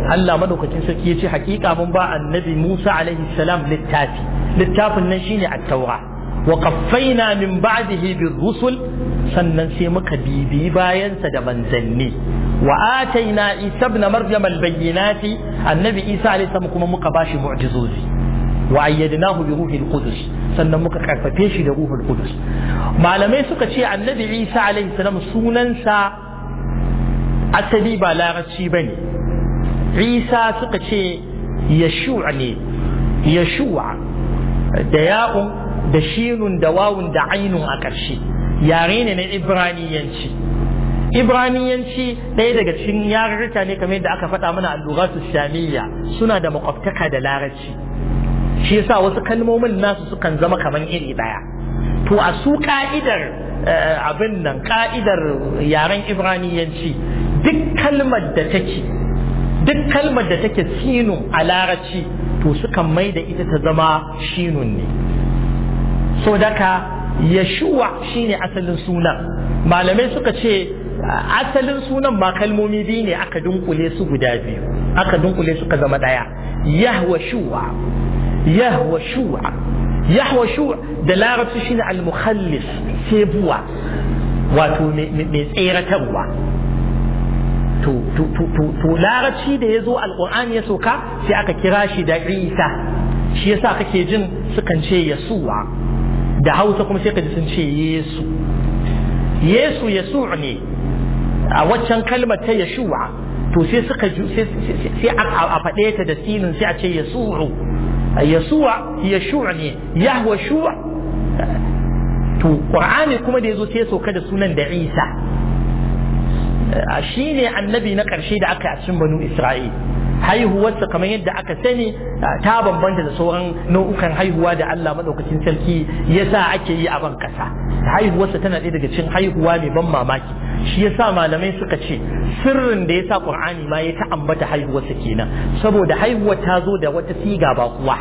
Allah madaukakin sarki ya ce hakika mun ba annabi Musa alaihi salam littafi littafin nan shine at-taura wa qaffaina min ba'dihi bir rusul sannan sai muka bibiyi bayansa da manzanni wa ataina isa ibn maryam al bayyinati annabi isa alayhi salam kuma muka bashi mu'jizozi wa ayyadnahu bi ruhil qudus sannan muka karfafe shi da ruhul qudus malamai suka ce annabi isa alayhi salam sunansa asali ba larabci bane isa suka ce yashu' ne yashu'a da ya'un da shinun da wawun da ainun a ƙarshe yare ne na ibraniyanci ibraniyanci ɗaya daga cikin yarurruka ne kamar yadda aka faɗa mana su shamiyya suna da makwabtaka da laraci. shi yasa wasu kalmomin nasu sukan zama kamar iri ɗaya to a su ka'idar eh, abin nan ka'idar yaren ibraniyanci duk kalmar da take duk kalmar da take sinun a laraci to sukan mai da ita ta zama shinun ne so daka yashuwa shine asalin sunan malamai suka ce asalin sunan ma kalmomi biyu ne aka dunkule su guda biyu aka dunkule suka zama daya yahwa shuwa yahwa shuwa yahwa shuwa da larabci shine al-mukhallis sebuwa wato mai tseratarwa to larabci da ya zo alƙur'ani ya soka sai aka kira shi da isa shi yasa kake jin sukan ce yasuwa da hausa kuma sai ka ji sun ce yesu yesu yasu ne a waccan kalmar ta yashuwa to sai suka sai a faɗe ta da sinin sai a ce yasu'u yasu'a yashu'u ne yahwa shu'a to qur'ani kuma da yazo sai soka da sunan da isa shine annabi na ƙarshe da aka yi a cikin banu isra'il haihuwarsa kamar yadda aka sani ta bambanta da sauran nau'ukan haihuwa da Allah maɗaukacin sarki yasa ake yi a ban kasa haihuwarsa tana ɗaya daga cikin haihuwa mai ban mamaki shi yasa malamai suka ce sirrin da ya sa Qur'ani ma ya ta ambata haihuwarsa kenan saboda haihuwa ta zo da wata siga ba kuwa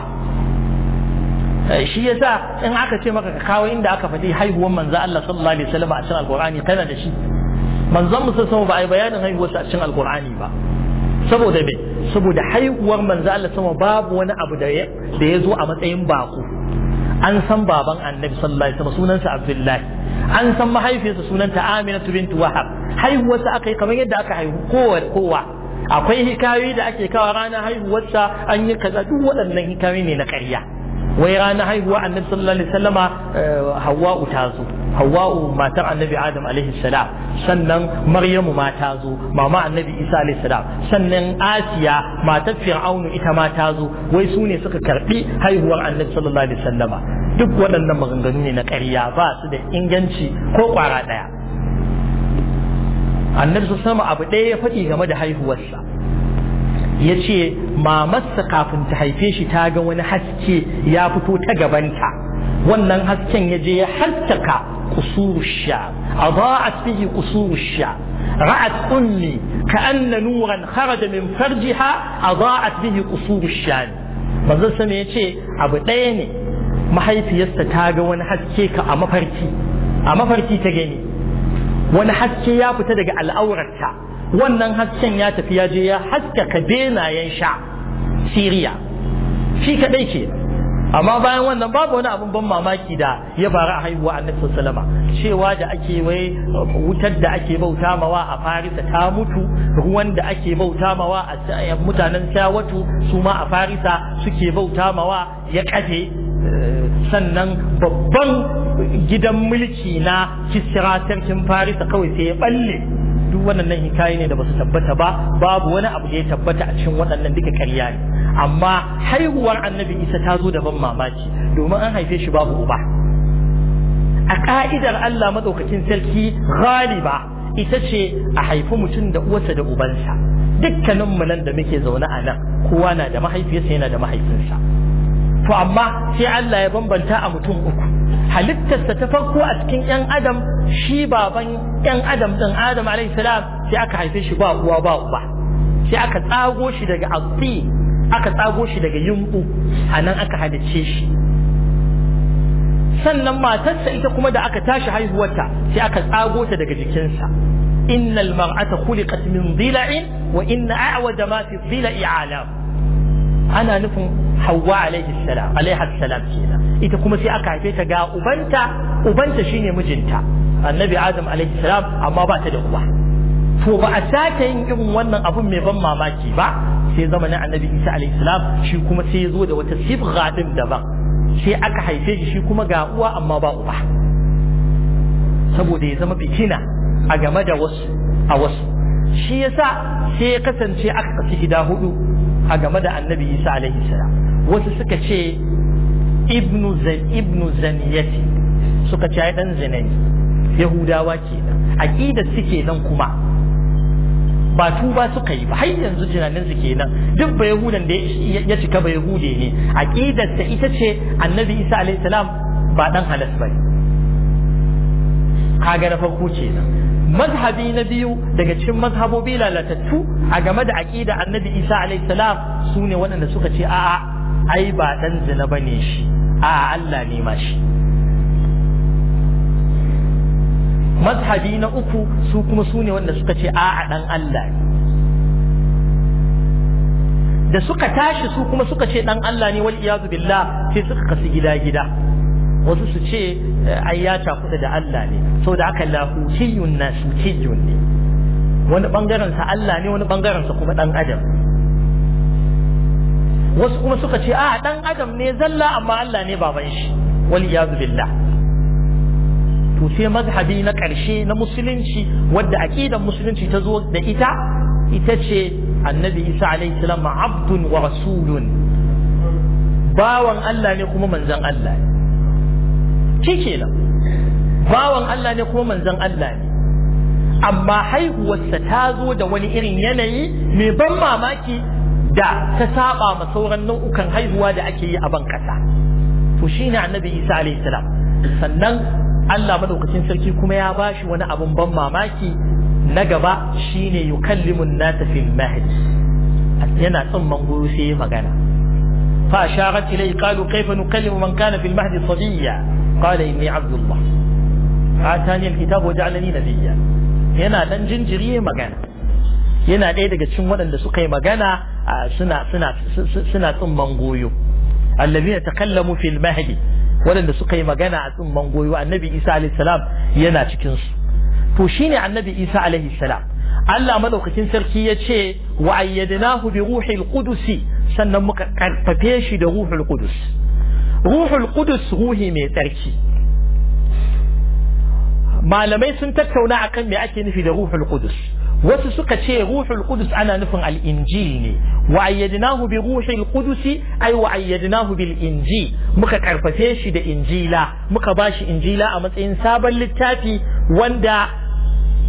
shi yasa in aka ce maka ka kawo inda aka faɗi haihuwar manzo Allah sallallahu alaihi wasallam a cikin alqur'ani kana da shi manzon musa sama ba a yi bayanin haihuwarsa a cikin alqur'ani ba saboda me saboda haihuwar manzo Allah sama babu wani abu da ya zo a matsayin bako an san baban annabi sallallahu alaihi wasallam sunansa abdullahi an san mahaifiyarsa sunanta aminatu bint wahab haihuwarsa aka yi kamar yadda aka haihu kowa kowa akwai hikayoyi da ake kawo ranar haihuwarsa an yi kaza duk waɗannan hikayoyi ne na ƙarya wai ranar haihuwa annabi sallallahu alaihi wasallama eh, hawa'u ta zo hawa'u matar annabi adam alaihi salam sannan maryamu ma ta zo mama annabi isa alaihi salam sannan asiya matar fir'aunu ita ma ta zo wai su ne suka karbi haihuwar annabi sallallahu alaihi sallama duk waɗannan maganganu ne na ƙarya ba su da inganci ko ƙwara ɗaya annabi sallallahu sama abu ɗaya ya faɗi game da haihuwarsa ya ce mamarsa kafin ta haife shi ta ga wani haske ya fito ta gabanta wannan hasken ya je ya haskaka قصور الشعب أضاءت به قصور الشعب رأت أمي كأن نورا خرج من فرجها أضاءت به قصور الشعب manzon sama ya ce abu ɗaya ne mahaifiyarsa ta ga wani haske ka a mafarki a mafarki ta gani wani haske ya fita daga al'aurarta wannan hasken ya tafi ya je ya haskaka benayen sha siriya shi kaɗai ke amma bayan wannan babu wani abin ban mamaki da ya faru a haihuwa annabi sallama cewa da ake wai uh, wutar da ake bauta mawa a farisa ta mutu ruwan da ake bauta mawa a eh, mutanen shawatu su ma a farisa suke bauta mawa ya kafe eh, sannan babban gidan mulki na kisira sarkin farisa kawai sai ya balle duk waɗannan hikaye ne da ba su tabbata ba babu wani abu da ya tabbata a cikin waɗannan duka ƙarya ne amma haihuwar annabi isa ta zo da ban mamaki domin an haife shi babu uba a ka'idar Allah madaukakin sarki ghaliba ita ce a haifi mutum da uwarsa da ubansa dukkanin mu nan da muke zaune a nan kowa na da mahaifiyarsa yana da mahaifinsa to amma sai Allah ya bambanta a mutum uku halittarsa ta farko a cikin ‘yan adam shi baban ‘yan adam ɗin adam salam sai aka haife shi ba uwa ba uba sai aka tsago shi daga abdi aka tsago shi daga yunku a nan aka hadace shi sannan matarsa ita kuma da aka tashi haihuwarta sai aka tsago ta daga jikinsa innal mar'ata khuliqat min dhila'in wa inna a'wada ma fi dhila'i 'alam ana nufin Hawwa alaihi salam alaiha salam kenan ita kuma sai aka haife ta ga ubanta ubanta shine mijinta annabi adam alaihi salam amma ba ta da uwa to ba a sake yin irin wannan abun mai ban mamaki ba sai zama na annabi isa alayhi salam shi kuma sai ya zo da wata sibgha din daban sai aka haife shi shi kuma ga uwa amma ba uba saboda ya zama fitina a game da wasu a wasu shi yasa sai ya kasance aka kasu gida hudu a game da annabi isa alayhi salam wasu suka ce ibnu zan ibnu zaniyati suka ce ai dan zinani yahudawa kenan aqida suke nan kuma ba tuba suka yi ba har yanzu tunanin su kenan duk ba yahudan da ya cika ba yahude ne aqidar ta ita ce annabi isa alayhi salam ba dan halas bane kaga na farko kenan mazhabi na biyu daga cikin mazhabobi lalatattu a game da aqida annabi isa alayhi salam sune waɗanda suka ce a'a ai ba dan zina bane shi a'a Allah ne ma shi mazhabi na uku su kuma su ne wanda suka ce a'a dan Allah ne da suka tashi su kuma suka ce dan Allah ne wal iyazu billah sai suka kasu gida gida wasu su ce eh, ai ya tafi da Allah ne saboda haka na nasutiyun ne wani bangaren sa Allah ne wani bangaren sa kuma dan adam wasu kuma suka ce a dan adam ne zalla amma Allah ne baban shi wal iyazu billah to sai mazhabi na ƙarshe na musulunci wadda aƙidar musulunci ta zo da ita ita ce annabi isa alaihi salam abdun wa rasulun bawan Allah ne kuma manzon Allah ne shi kenan bawan Allah ne kuma manzon Allah ne amma haihuwarsa ta zo da wani irin yanayi mai ban mamaki da ta saba ma sauran nau'ukan haihuwa da ake yi a ban kasa to shine annabi Isa alaihi salam sannan Allah madaukakin sarki kuma ya bashi wani abun ban mamaki na gaba shine yukallimun nata fil mahdi yana tsamman guru sai magana fa asharat ilai qalu kayfa nukallimu man kana fil mahdi sadiya qala inni abdullah atani alkitab wa ja'alani nabiyya yana dan jinjiri magana yana ɗaya daga cikin waɗanda suka yi magana suna suna suna tsimman goyo allazina takallamu fil mahdi waɗanda suka yi magana a tsumman goyo annabi isa alaihi yana cikin su to shine annabi isa alaihi Allah madaukakin sarki ya ce wa ayyadnahu bi ruhil qudus sannan muka karfafe shi da ruhul qudus ruhul qudus ruhi mai tsarki malamai sun tattauna akan me ake nufi da ruhul qudus wasu suka ce ruhul kudus ana nufin al ne wa ayyadnahu bi ruhil qudus ay wa ayyadnahu bil injil muka karfafe shi da injila muka bashi injila a matsayin sabon littafi wanda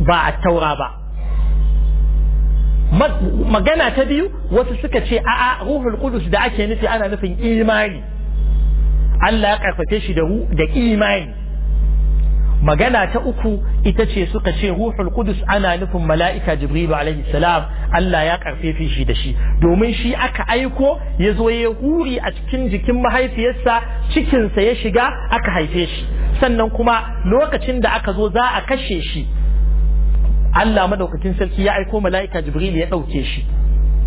ba a taura ba magana ta biyu wasu suka ce a'a ruhul kudus da ake nufi ana nufin imani Allah ya karfafe shi da da imani magana ta uku ita ce suka ce ruhul Kudus ana nufin mala'ika jibrilu alaihi salam Allah ya karfe shi da shi domin shi aka aiko ya zo ya huri a cikin jikin mahaifiyarsa cikinsa ya shiga aka haife shi sannan kuma lokacin da aka zo za a kashe shi Allah madaukakin sarki ya aiko mala'ika jibrilu ya ɗauke shi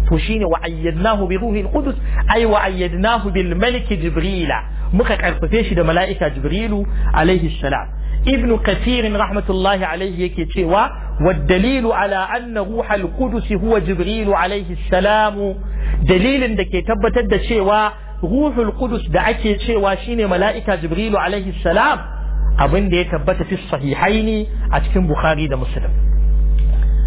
to shine wa ayyadnahu bi ruhil qudus ay wa ayyadnahu bil malik jibrila muka karfafe shi da mala'ika jibrilu alaihi salam ibn kasirin rahmatullahi alaihi yake cewa waddalilu ala anna ruhal qudusi huwa jibrilu alaihi salamu dalilin da ke tabbatar da cewa ruhul kudus da ake cewa shine mala'ika jibrilu alaihi salam abin ya tabbata fi sahihaini a cikin bukhari da muslim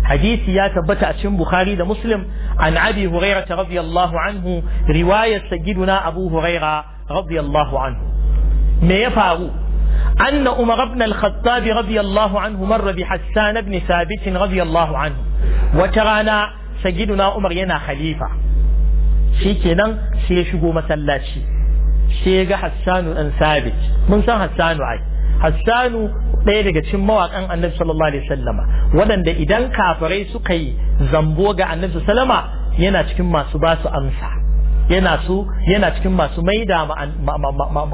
hadisi ya tabbata a cikin bukhari da muslim an abi huraira radiyallahu anhu riwayar sayyiduna abu huraira radiyallahu anhu me ya faru أن عمر بن الخطاب رضي الله عنه مر بحسان بن ثابت رضي الله عنه وترانا سيدنا عمر ينا خليفة شيكنا سيشقو مسلاشي سيغا حسان أن ثابت من سان حسان عي hassanu ɗaya daga cikin mawaƙan annabi sallallahu alaihi wasallama waɗanda idan kafirai suka yi zambo ga annabi yana cikin masu ba su amsa yana su yana cikin masu maida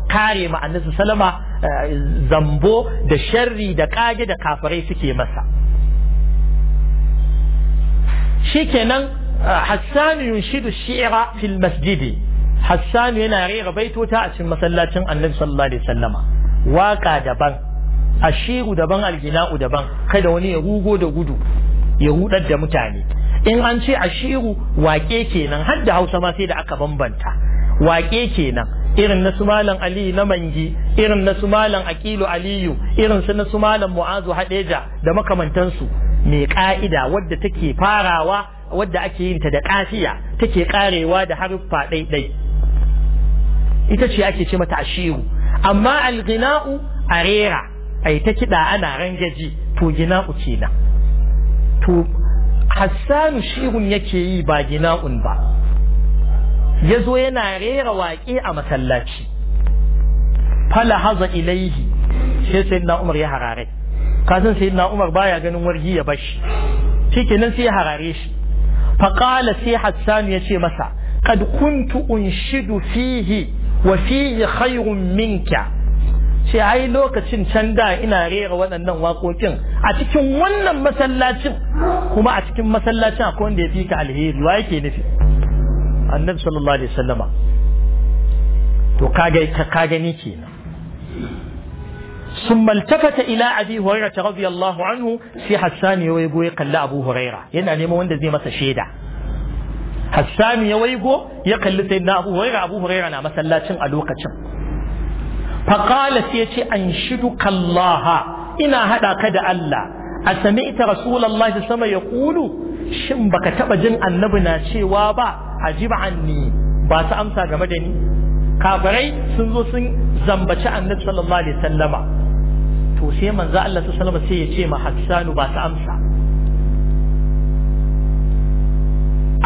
kare ma salama eh, zambo da sharri da kage da kafirai suke masa shikenan eh, Hassan yunshidu shi'ra fil masjidi Hassan yana rera baitota a cikin masallacin annabi sallallahu alaihi wasallama waka daban ashiru daban algina'u daban kada wani ya rugo da gudu ya rudar da mutane in an ce ashiru wake kenan har da hausa ma sai da aka bambanta wake kenan irin na su malam ali na mangi irin na su malam akilu aliyu irin su na su malam mu'azu hadeja da makamantansu mai ka'ida wadda take farawa wadda ake yin ta da kafiya take karewa da haruffa ɗaiɗai ita ce ake ce mata ashiru amma algina'u a rera ai ta kiɗa ana rangaji to gina'u kenan to hassanu shirun yake yi ba gina'un ba ya zo yana rera waƙe a masallaci fala haza ilaihi sai sai na umar ya harare kasan sai na umar baya ganin wargi ya bashi shi kenan sai ya harare shi faƙala sai hassanu ya ce masa kad kuntu unshidu fihi wa fihi khairun minka ce ai lokacin can da ina rera waɗannan waƙoƙin a cikin wannan masallacin kuma a cikin masallacin akwai wanda ya fi ka alheri wa yake nufi annabi sallallahu alaihi wasallama to kaga ka gani kenan ثم التفت الى ابي هريره رضي الله عنه في حسان يويغو يقل ابو هريره yana neman wanda zai masa shaida Hassani ya waigo ya kalli sayyidina Abu Huraira Abu Huraira na masallacin a lokacin فقال سيتي أنشدك الله إنا هذا كد الله أسمعت رسول الله صلى الله عليه وسلم يقول shin baka taɓa jin annabi na cewa ba ajib anni ba su amsa game da ni kafirai sun zo sun zambaci annabi sallallahu alaihi wasallama to sai manzo Allah sallallahu sai ya ce ma Hassanu ba su amsa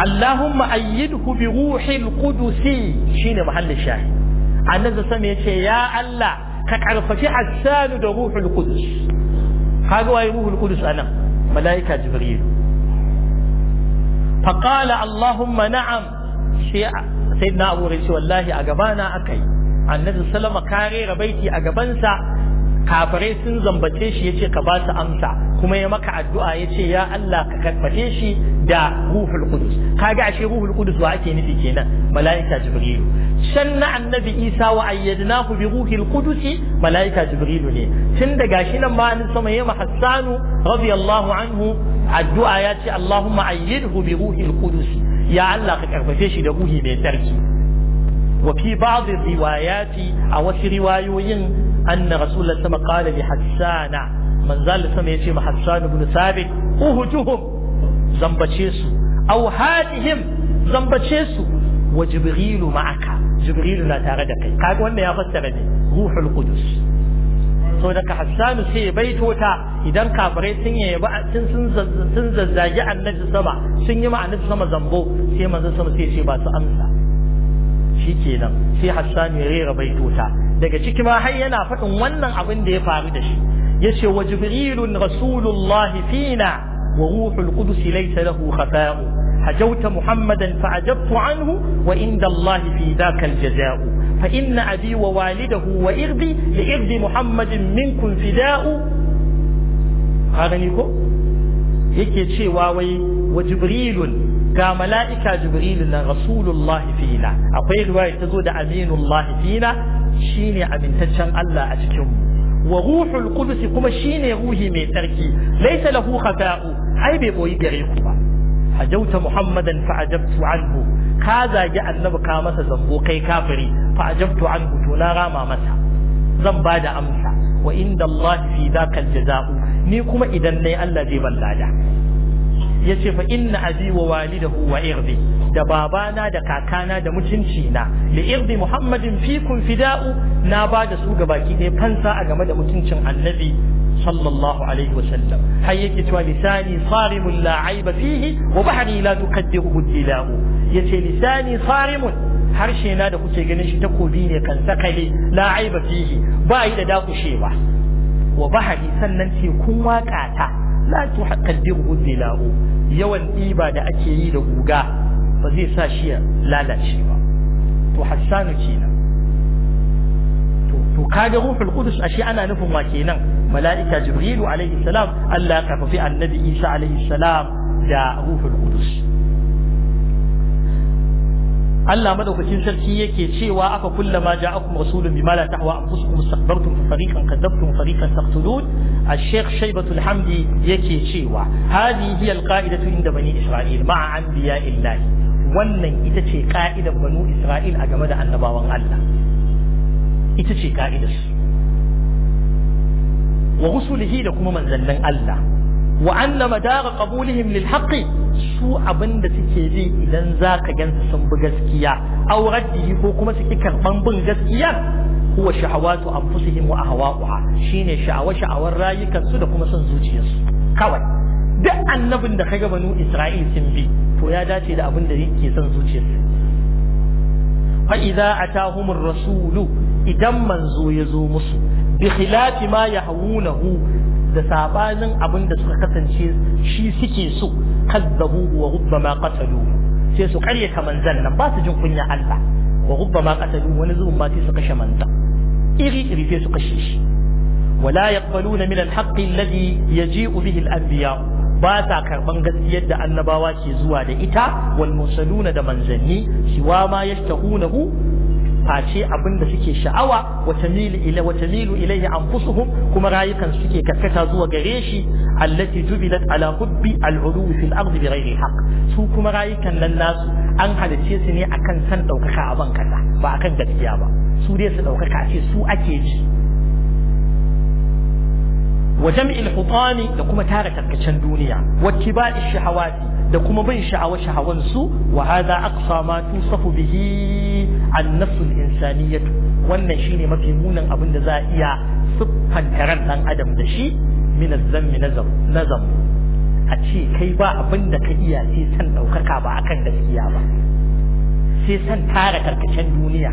Allahumma ayyidhu bi ruhil qudusi shine annabi sama yace ya Allah ka karfafi Hassan da ruhul qudus kaga waye ruhul qudus anan malaika jibril fa qala allahumma na'am sai sayyidina abu rai wallahi a gabana akai annabi sallama kare rabaiti a gabansa kafirai sun zambace shi yace ka ba su amsa kuma ya maka addu'a yace ya Allah ka karfafe shi da ruhul qudus kaga ashe ruhul qudus wa ake nufi kenan malaika jibrilu can na annabi isa wa ayyadnahu bi ruhil qudus malaika jibrilu ne tun da gashi nan ma an sama yema hassanu radiyallahu anhu addu'a yace Allahumma ayyidhu bi ruhil qudus ya Allah ka karfafe shi da ruhi mai tsarki wa fi ba'd riwayati a wasu riwayoyin anna rasulullah sama qala li hassana manzal sama ce ma hassan ibn sabit uhujuhum zambace su aw hadihim zambace su wa jibrilu ma'aka jibrilu na tare da kai kaga wannan ya fassara ne ruhul qudus so daga hassanu sai ya baito ta idan kafirai sun zazzagi annabi sama sun yi ma annabi sama zambo sai manzo sama sai ce ba su amsa shikenan sai hassanu ya rera baito ta daga ciki ma har yana faɗin wannan abin da ya faru da shi yace wa jibrilun rasulullah fina wa ruhul qudus laysa lahu khafa'u hajawta muhammadan fa'ajabtu anhu wa inda allah fi dhaka aljaza'u fa inna abi wa walidahu wa irdi li irdi muhammadin minkum fida'u gani ko yake cewa wai wa jibrilun ga mala'ika jibril na rasulullah fina akwai ruwa ta zo da aminullah fina shine amintaccen Allah a cikin mu wa ruhul qudus kuma shine ruhi mai tsarki laysa lahu khata'u ai bai boyi gare ku ba hajauta muhammadan fa ajabtu anhu ka zagi annabi ka masa zambo kai kafiri fa ajabtu anhu to na rama masa zan bada amsa wa inda Allah fi dhaka aljaza'u ni kuma idan nayi Allah zai ban lada yace fa inna abi wa walidahu wa irdi da babana da kakana da mutunci na li irdi muhammadin fikum fida'u na ba da su gabaki ɗaya fansa a game da mutuncin annabi sallallahu alaihi wasallam har yake cewa lisani sarimun la aiba fihi wa bahri la tuqaddiru dilahu yace lisani sarimun harshe na da kuke ganin shi takobi ne kan sakale la aiba fihi ba yi da dakushewa wa bahri sannan ce kun waƙa ta la tuqaddiru dilahu yawan ɗiba da ake yi da guga ba zai sa shi ya lalace ba to hassanu kenan to kaga ruhul qudus ashe ana nufin wa kenan mala'ika jibrilu alayhi salam Allah ya kafafi annabi Isa alayhi salam da ruhul qudus Allah madaukakin sarki yake cewa aka kullama ja'akum rasulun bima la tahwa anfusukum istakbartum fa fariqan kadzabtum fariqan taqtulun al-shaykh shaybatu al-hamdi yake cewa hadi hiya al-qa'idatu inda bani isra'il ma'a anbiya'illahi wannan ita ce ka'idar banu isra'il a game da annabawan Allah ita ce ka'idarsu wa rusulihi da kuma manzannin Allah wa anna madara qabulihim lil haqqi su abinda suke ji idan zaka gansu sun bi gaskiya aw raddihi ko kuma suke karban bin gaskiya huwa shahawatu anfusihim wa ahwa'uha shine sha'awa sha'awar rayukan su da kuma son zuciyarsu kawai duk annabin da kaga banu isra'il sun bi to ya dace da abin da yake son zuciyarsu fa idza atahumur rasulu idan manzo ya zo musu bi khilafi ma yahwunahu da sabanin abin da suka kasance shi suke so kazzabu wa rubbama qatalu sai su ka manzan nan ba su jin kunya Allah wa rubbama qatalu wani zuwan ma sai su kashe manzan iri iri sai su kashe shi ولا يقبلون من الحق الذي يجيء به الأنبياء ba sa karban gaskiyar da annabawa ke zuwa da ita wal mursaluna da manzanni siwa ma yashtahunahu face abin da suke sha'awa wata milu ila wata milu ilaihi anfusuhum kuma rayukan suke karkata zuwa gare shi allati jubilat ala hubbi al-ulu fil ardi bi ghairi haqq su kuma rayukan nan nasu an halice su ne akan san daukaka a ban kasa ba akan gaskiya ba su dai su daukaka ce su ake ji wa jam'il da kuma tara tarkacen duniya wa tiba'i shahawati da kuma bin sha'awa sha'awar su wa hadha aqsa ma tusafu bihi an nafs wannan shine mafi munin abin da za a iya siffanta ran dan adam da shi min az nazam nazam a ce kai ba abin da ka iya sai san daukaka ba akan gaskiya ba sai san tara tarkacen duniya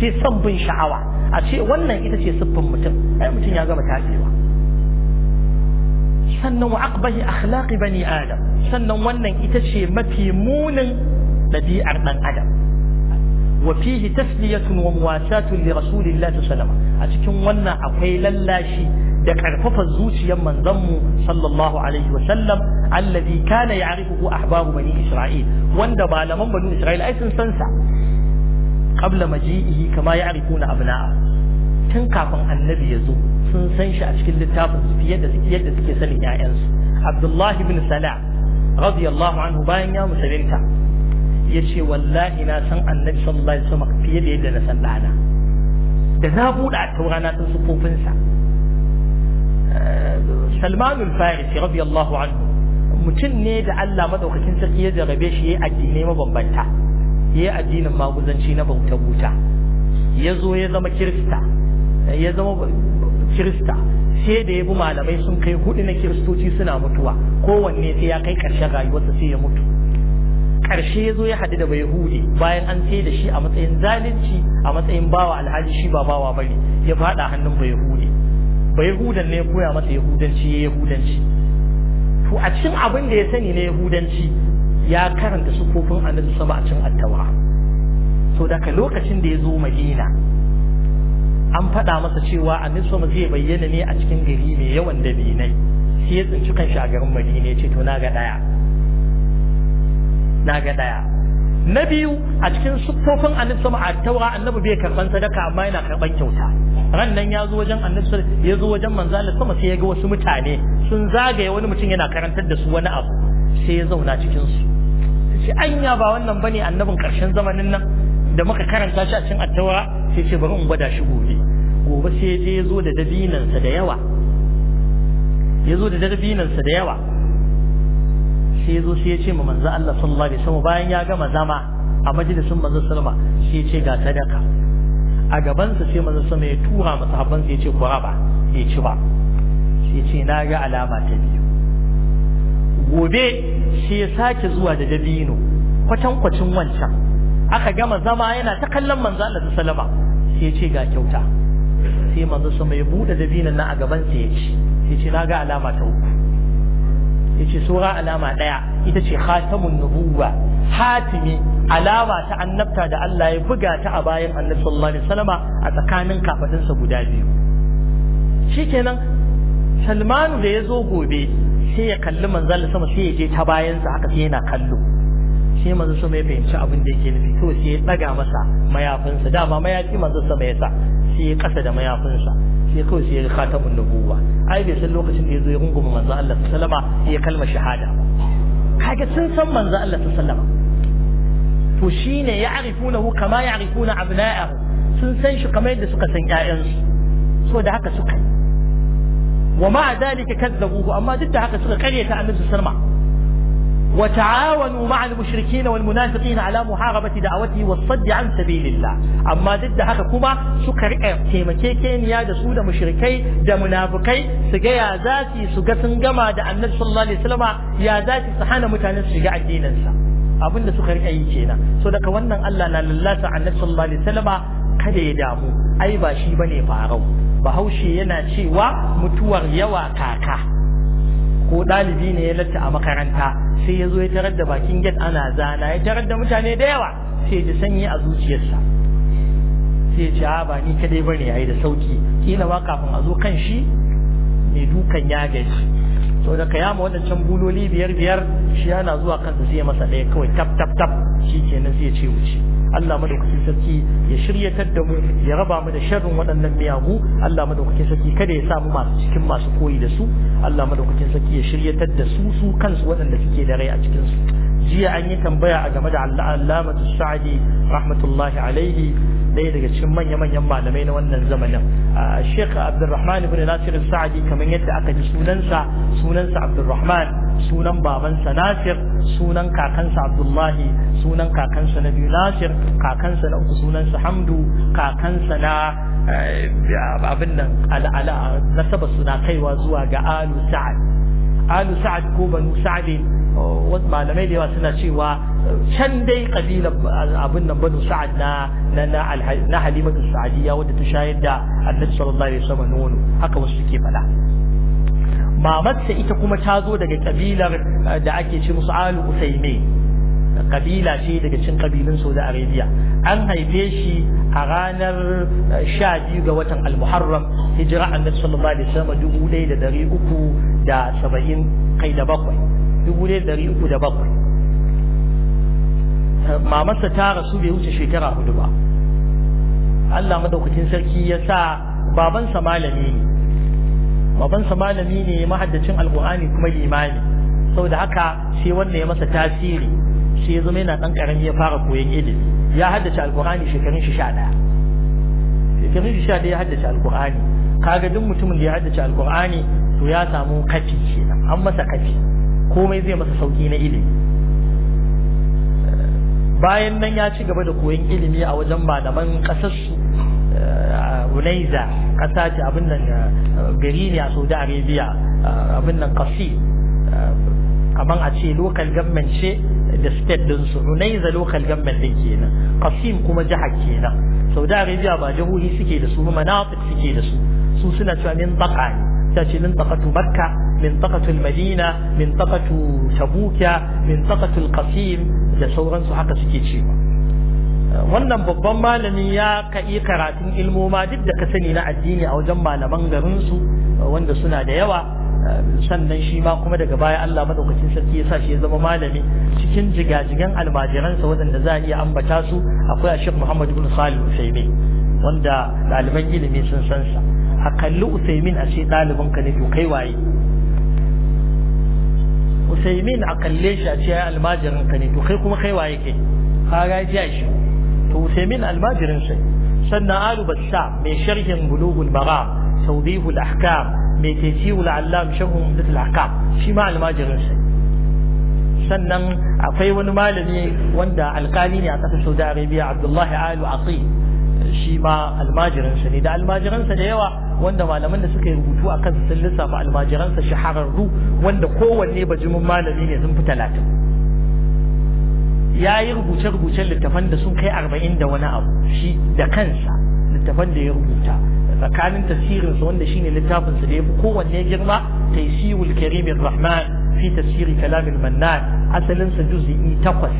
sai san bin sha'awa a ce wannan ita ce siffin mutum ai mutum ya gama tasewa sannan wa aqbahi akhlaqi bani adam sannan wannan ita ce mafi munin dabi'ar dan adam wa fihi tasliyatun wa muwasatun li rasulillahi sallallahu alaihi wasallam a cikin wannan akwai lallashi da karfafa zuciyar manzanmu sallallahu alaihi wasallam alladhi kana ya'rifuhu ahbaru bani isra'il wanda malaman bani isra'il ai sun san sa qabla maji'ihi kama ya'rifuna abna'a tun kafin annabi ya zo sun san shi a cikin littafin su fiye da yadda suke sanin ƴaƴansu Abdullahi bin Salah radiyallahu anhu bayan ya musulunta ce wallahi na san Annabi sallallahu alaihi wasallam fiye da yadda na san dana da na buɗa taurana sun sufofin sa eh, Salman al-Farisi radiyallahu anhu mutum ne da Allah madaukakin sarki ya jarabe shi yayi addinai mabambanta yayi addinin maguzanci na bauta buta ya zo ya zama kirista ya zama kirista sai da ya bi malamai sun kai hudu na kiristoci suna mutuwa kowanne sai ya kai ƙarshen rayuwarsa sai ya mutu karshe ya zo ya haɗu da bai hude bayan an sai da shi a matsayin zalunci a matsayin bawa alhaji shi ba bawa bane ya faɗa hannun bai hude bai hudan ne koya masa yahudanci ya yahudanci to a cikin abin da ya sani na yahudanci ya karanta su sufofin annabi sama a cikin attawa to daga lokacin da ya zo madina an faɗa masa cewa annabi sama zai bayyana ne a cikin gari mai yawan dabinai sai ya tsinci kanshi a garin madina ce to na ga ɗaya na na biyu a cikin siffofin annabi a taura annabi bai karban sadaka amma yana karban kyauta ran nan ya zo wajen annabi ya zo wajen manzo Allah sama sai ya ga wasu mutane sun zagaye wani mutum yana karantar da su wani abu sai ya zauna cikin su sai anya ba wannan bane annabin karshen zamanin nan da muka karanta shi a cikin attawa sai ce bari in gwada shi gobe gobe sai dai ya zo da dabinansa da yawa yazo zo da dabinansa da yawa sai ya zo sai ya ce ma manzo Allah sallallahu alaihi wasallam bayan ya gama zama a majalisin manzo sallama sai ya ce ga sadaka a gabansa sai manzo sallama ya tura masa habban sai ya ce ku raba ya ci ba sai ce na ga alama ta biyu gobe sai ya sake zuwa da dabino kwatankwacin wancan aka gama zama yana ta kallon manzo Allah ta salama sai ya ce ga kyauta sai manzo sama ya bude dabinan nan a gaban sa ya ce sai ce na ga alama ta uku ya ce sura alama daya ita ce khatamun nubuwa hatimi alama ta annabta da Allah ya buga ta a bayan annabi sallallahu alaihi wasallama a tsakanin kafadunsa guda biyu shikenan Salmanu da ya zo gobe sai ya kalli manzo Allah sama sai ya je ta bayansa haka sai yana kallo sai manzo sama ya fahimci abin da yake nufi to sai ya daga masa mayafinsa dama mayafi manzo sama ya sa sai ya kasa da mayafinsa sai kawai sai ya khatamun nubuwa ai bai san lokacin da ya zo ya rungume manzo Allah sallama ya kalma shahada kaga sun san manzo Allah sallama to shine ya'rifunahu kama ya'rifuna abna'ahu sun san shi kamar yadda suka san ƴaƴansu so da haka suka wa ma dalika kadzabuhu amma duk da haka suka karyata annabi sallama وتعاونوا مع المشركين والمنافقين على محاربة دعوته والصد عن سبيل الله أما ضد هذا كما سكر تيمكيكين يا دسود مشركي دا منافقي سجا يا ذاتي سجا سنجما دا النبي صلى الله عليه وسلم يا ذاتي سحانا متانس سجا الدين abin da suka rika yi kenan so daga wannan Allah na lallata annabi sallallahu alaihi wasallama kada ya damu ai ba shi bane farau bahaushe yana cewa mutuwar yawa kaka ko ɗalibi ne ya latta a makaranta sai ya zo ya tarar da bakin get ana zana ya tarar da mutane da yawa sai ya sanyi a zuciyarsa sai ya ce a ba ni kadai bane yayi da sauki kila ma kafin a zo kan shi mai dukan ya gaji to da kayama wadancan buloli biyar biyar shi yana zuwa kansa sai masa ɗaya kawai tap tap tap shi kenan sai ya ce wuce Allah madaukakin sarki ya shiryatar da mu ya raba mu da sharrin waɗannan miyagu Allah madaukakin sarki kada ya sa mu masu cikin masu koyi da su Allah madaukakin sarki ya shiryatar da su su kansu waɗanda suke da rai a cikin su jiya an yi tambaya a game da Allah Allamatu Sa'di rahmatullahi alaihi ɗaya daga cikin manya-manyan malamai na wannan zamanin Sheikh Abdulrahman ibn Nasir sa'adi kamar yadda aka ji sunansa sunansa Abdulrahman sunan babansa Nasir sunan kakansa Abdullahi sunan kakansa na biyu Nasir kakansa na uku sunansa Hamdu kakansa na eh, abin nan al'ala saba suna kaiwa zuwa ga Alu Sa'ad Alu Sa'ad ko Banu Sa'ad malamai da yawa suna cewa can dai kabilar abin nan banu sa'ad na na na halimatu sa'adiyya wadda ta shayar da annabi sallallahu alaihi wasallam nono haka wasu suke faɗa mamatsa ita kuma ta zo daga kabilar da ake ce musu alu usaimi kabila ce daga cin kabilun saudi arabia an haife shi a ranar 12 eh, ga watan al-muharram hijira annabi sallallahu alaihi wasallam 1370 kai da bakwai 1307 mamarsa ta rasu bai wuce shekara hudu ba Allah madaukakin sarki ya sa babansa malami ne babansa malami ne mahaddacin alkur'ani kuma limani saboda haka sai wanda ya masa tasiri sai ya zama yana dan karami ya fara koyon ilimi ya haddace alkur'ani shekarun shi 11 shekarun shi 11 ya haddace alkur'ani kaga duk mutumin da ya haddace alkur'ani to ya samu kafi kenan an masa kafi komai zai masa sauki na ilimi bayan nan ya ci gaba da koyon ilimi a wajen malaman kasarsu eh, unaiza kasa ce abin nan eh, gari ne a saudi arabia eh, abin nan kasi kamar a ce local government ce da state ɗinsu unaiza local government kenan kasim kuma jihar kenan saudi arabia ba jihohi suke da su manafik suke da su su suna cewa min baka ne ta ce min bakatu makka منطقة المدينة منطقة تبوك منطقة القسيم da sauransu haka suke cewa wannan babban malami ya ka'i karatun ilmoma duk da ka sani na addini a wajen malaman garinsu wanda suna da yawa sannan shi ma kuma daga baya Allah madaukakin sarki ya sa shi ya zama malami cikin jigajigan almajiransa waɗanda za a iya ambata su akwai Sheikh Muhammad ibn Salih wanda ɗaliban ilimi sun san sa kalli Usaimin a ce ɗalibanka ka ne to kai waye usaimin a kalle shi a ce ya almajirin ka ne to kai kuma kai waye kai kaga ya shi to usaimin almajirin sai sannan alu bassa mai sharhin bulugul bara tawdihul ahkam mai tafsirul allam sharhun mudatul ahkam shi ma almajirin sai sannan akwai wani malami wanda alkali ne a kasar Saudi Arabia Abdullahi Alu asi shi ma almajiransa ne da almajiransa da yawa wanda malaman da suka yi rubutu a kansa sun lissafa almajiransa shahararru wanda kowanne bajimin malami ne sun fi talatin ya yi rubuce-rubucen littafan da sun kai arba'in da wani abu shi da kansa littafan da ya rubuta tsakanin tasirinsa wanda shine littafinsa da ya fi kowanne girma taisirul karimin rahman fi tasiri kalamin mannan asalinsa juz'i takwas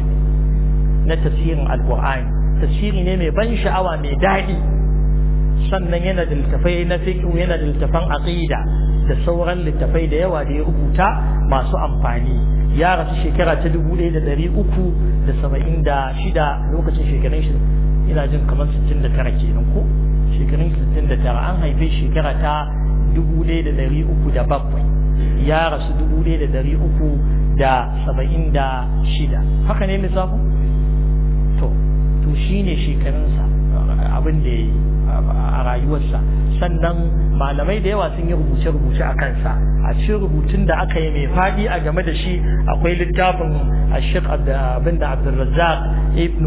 na tasirin alkur'ani tafsiri ne mai ban sha'awa mai daɗi sannan yana da littafai na fiqh yana da littafan aqida da sauran littafai da yawa da ya rubuta masu amfani ya rasu shekara ta dubu ɗaya da da da uku saba'in shida lokacin shekarun shi ina jin kamar sittin da tara kenan ko shekarun tara an haife shekara ta dubu ɗaya da da uku 1307 ya rasu dubu ɗaya da da da uku saba'in shida haka ne lissafin to to shine shekarunsa abin da ya yi a rayuwarsa sannan malamai da yawa sun yi rubuce-rubuce a kansa a cikin rubutun da aka yi mai faɗi a game da shi akwai littafin ashik abin da abdulrazzaq ibn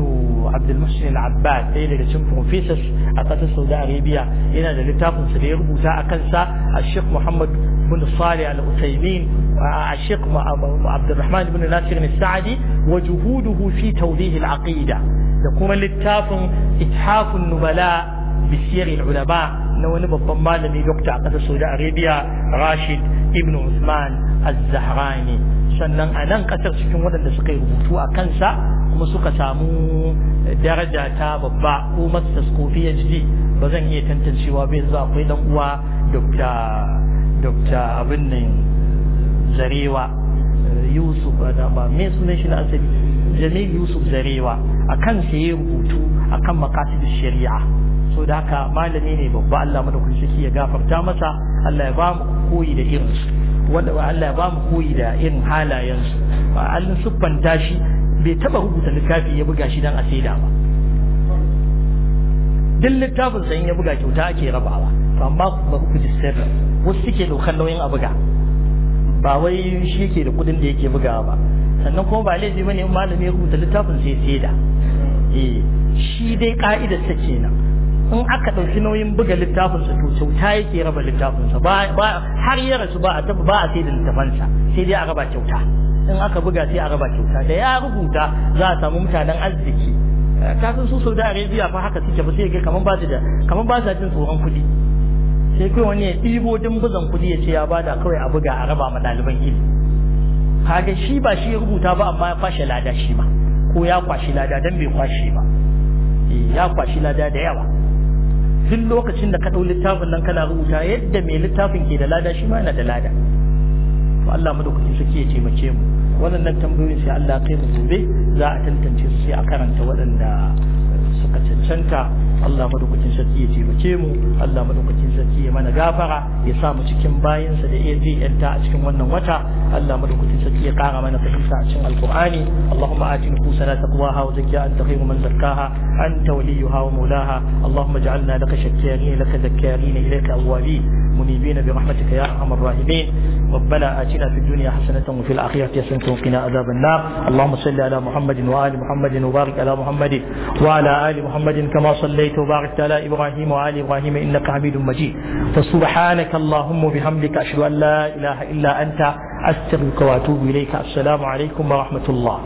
abdulmuhsin al-abbad ɗaya daga cikin professors a ƙasar saudi arabia yana da littafin su da ya rubuta a kansa ashik muhammad ibn Salih al-Utaymin wa Sheikh Abd Nasir al-Sa'di wa juhuduhu fi da kuma littafin Ithaqun Nubala bi siyar al-ulama na wani babban malami doctor a kasar Saudi Arabia Rashid ibn Uthman al-Zahrani sannan a nan kasar cikin waɗanda suka rubutu a kansa kuma suka samu daraja ta babba ko masu tasko PhD ba zan iya tantancewa bai zuwa akwai dan uwa doctor dokta abin nan zarewa eh, yusuf eh, ba me sunan shi na asali jami yusuf zarewa a kan ya rubutu a kan shari'a so da haka malami ne babba Allah madaukakin sarki ya gafarta masa Allah ya ba mu koyi da irinsu wanda Allah ya ba mu koyi da irin halayensu ba Allah siffanta shi bai taba rubuta littafi ya buga shi dan a saida ba duk littafin sa in ya buga kyauta ake rabawa to ba bari ku ji da wasu suke ɗaukar nauyin a buga ba wai shi ke da kuɗin da yake bugawa ba sannan kuma ba laifi bane malami ya rubuta littafin sai sai da eh shi dai ka'idar ta kenan in aka ɗauki nauyin buga littafin sa to kyauta yake raba littafin sa ba har ya rasu ba a ba a sai da littafin sa sai dai a raba kyauta in aka buga sai a raba kyauta da ya rubuta za a samu mutanen arziki eh, kafin su Saudi Arabia fa haka suke ba sai ga kaman ba su da kaman ba su jin tsoron kuɗi sai kai wani ya ɗibo dimbuzan kuɗi ya ce ya bada kawai a buga a raba ma ɗaliban ilimi kaga shi ba shi ya rubuta ba amma ya kwashe lada shi ba ko ya kwashi lada dan bai kwashe ba eh, ya kwashi lada da yawa duk lokacin da ka ɗau littafin nan kana rubuta yadda mai littafin ke da lada shi ma yana da lada to Allah madaukakin sarki ya taimake mu waɗannan tambayoyin sai Allah kai mu gobe za a tantance su sai a karanta waɗanda suka cancanta Allah madaukakin sarki ya taimake mu Allah madaukakin sarki ya mana gafara ya sa mu cikin bayansa da ya zai a cikin wannan wata Allah madaukakin sarki ya kara mana fahimta a cikin alqur'ani Allahumma ati nufusana taqwaha wa zakkiha anta khayru man zakkaha anta waliyuha wa mawlaha Allahumma ij'alna laka shakkiyarin laka zakkiyarin ilayka awwabin منيبين برحمتك يا ارحم الراحمين ربنا اتنا في الدنيا حسنه وفي الاخره حسنه وقنا عذاب النار اللهم صل على محمد وال محمد وبارك على محمد وعلى ال محمد كما صليت صليت وباركت على إبراهيم وآل إبراهيم إنك حميد مجيد فسبحانك اللهم وبحمدك أشهد أن لا إله إلا أنت أستغفرك وأتوب إليك السلام عليكم ورحمة الله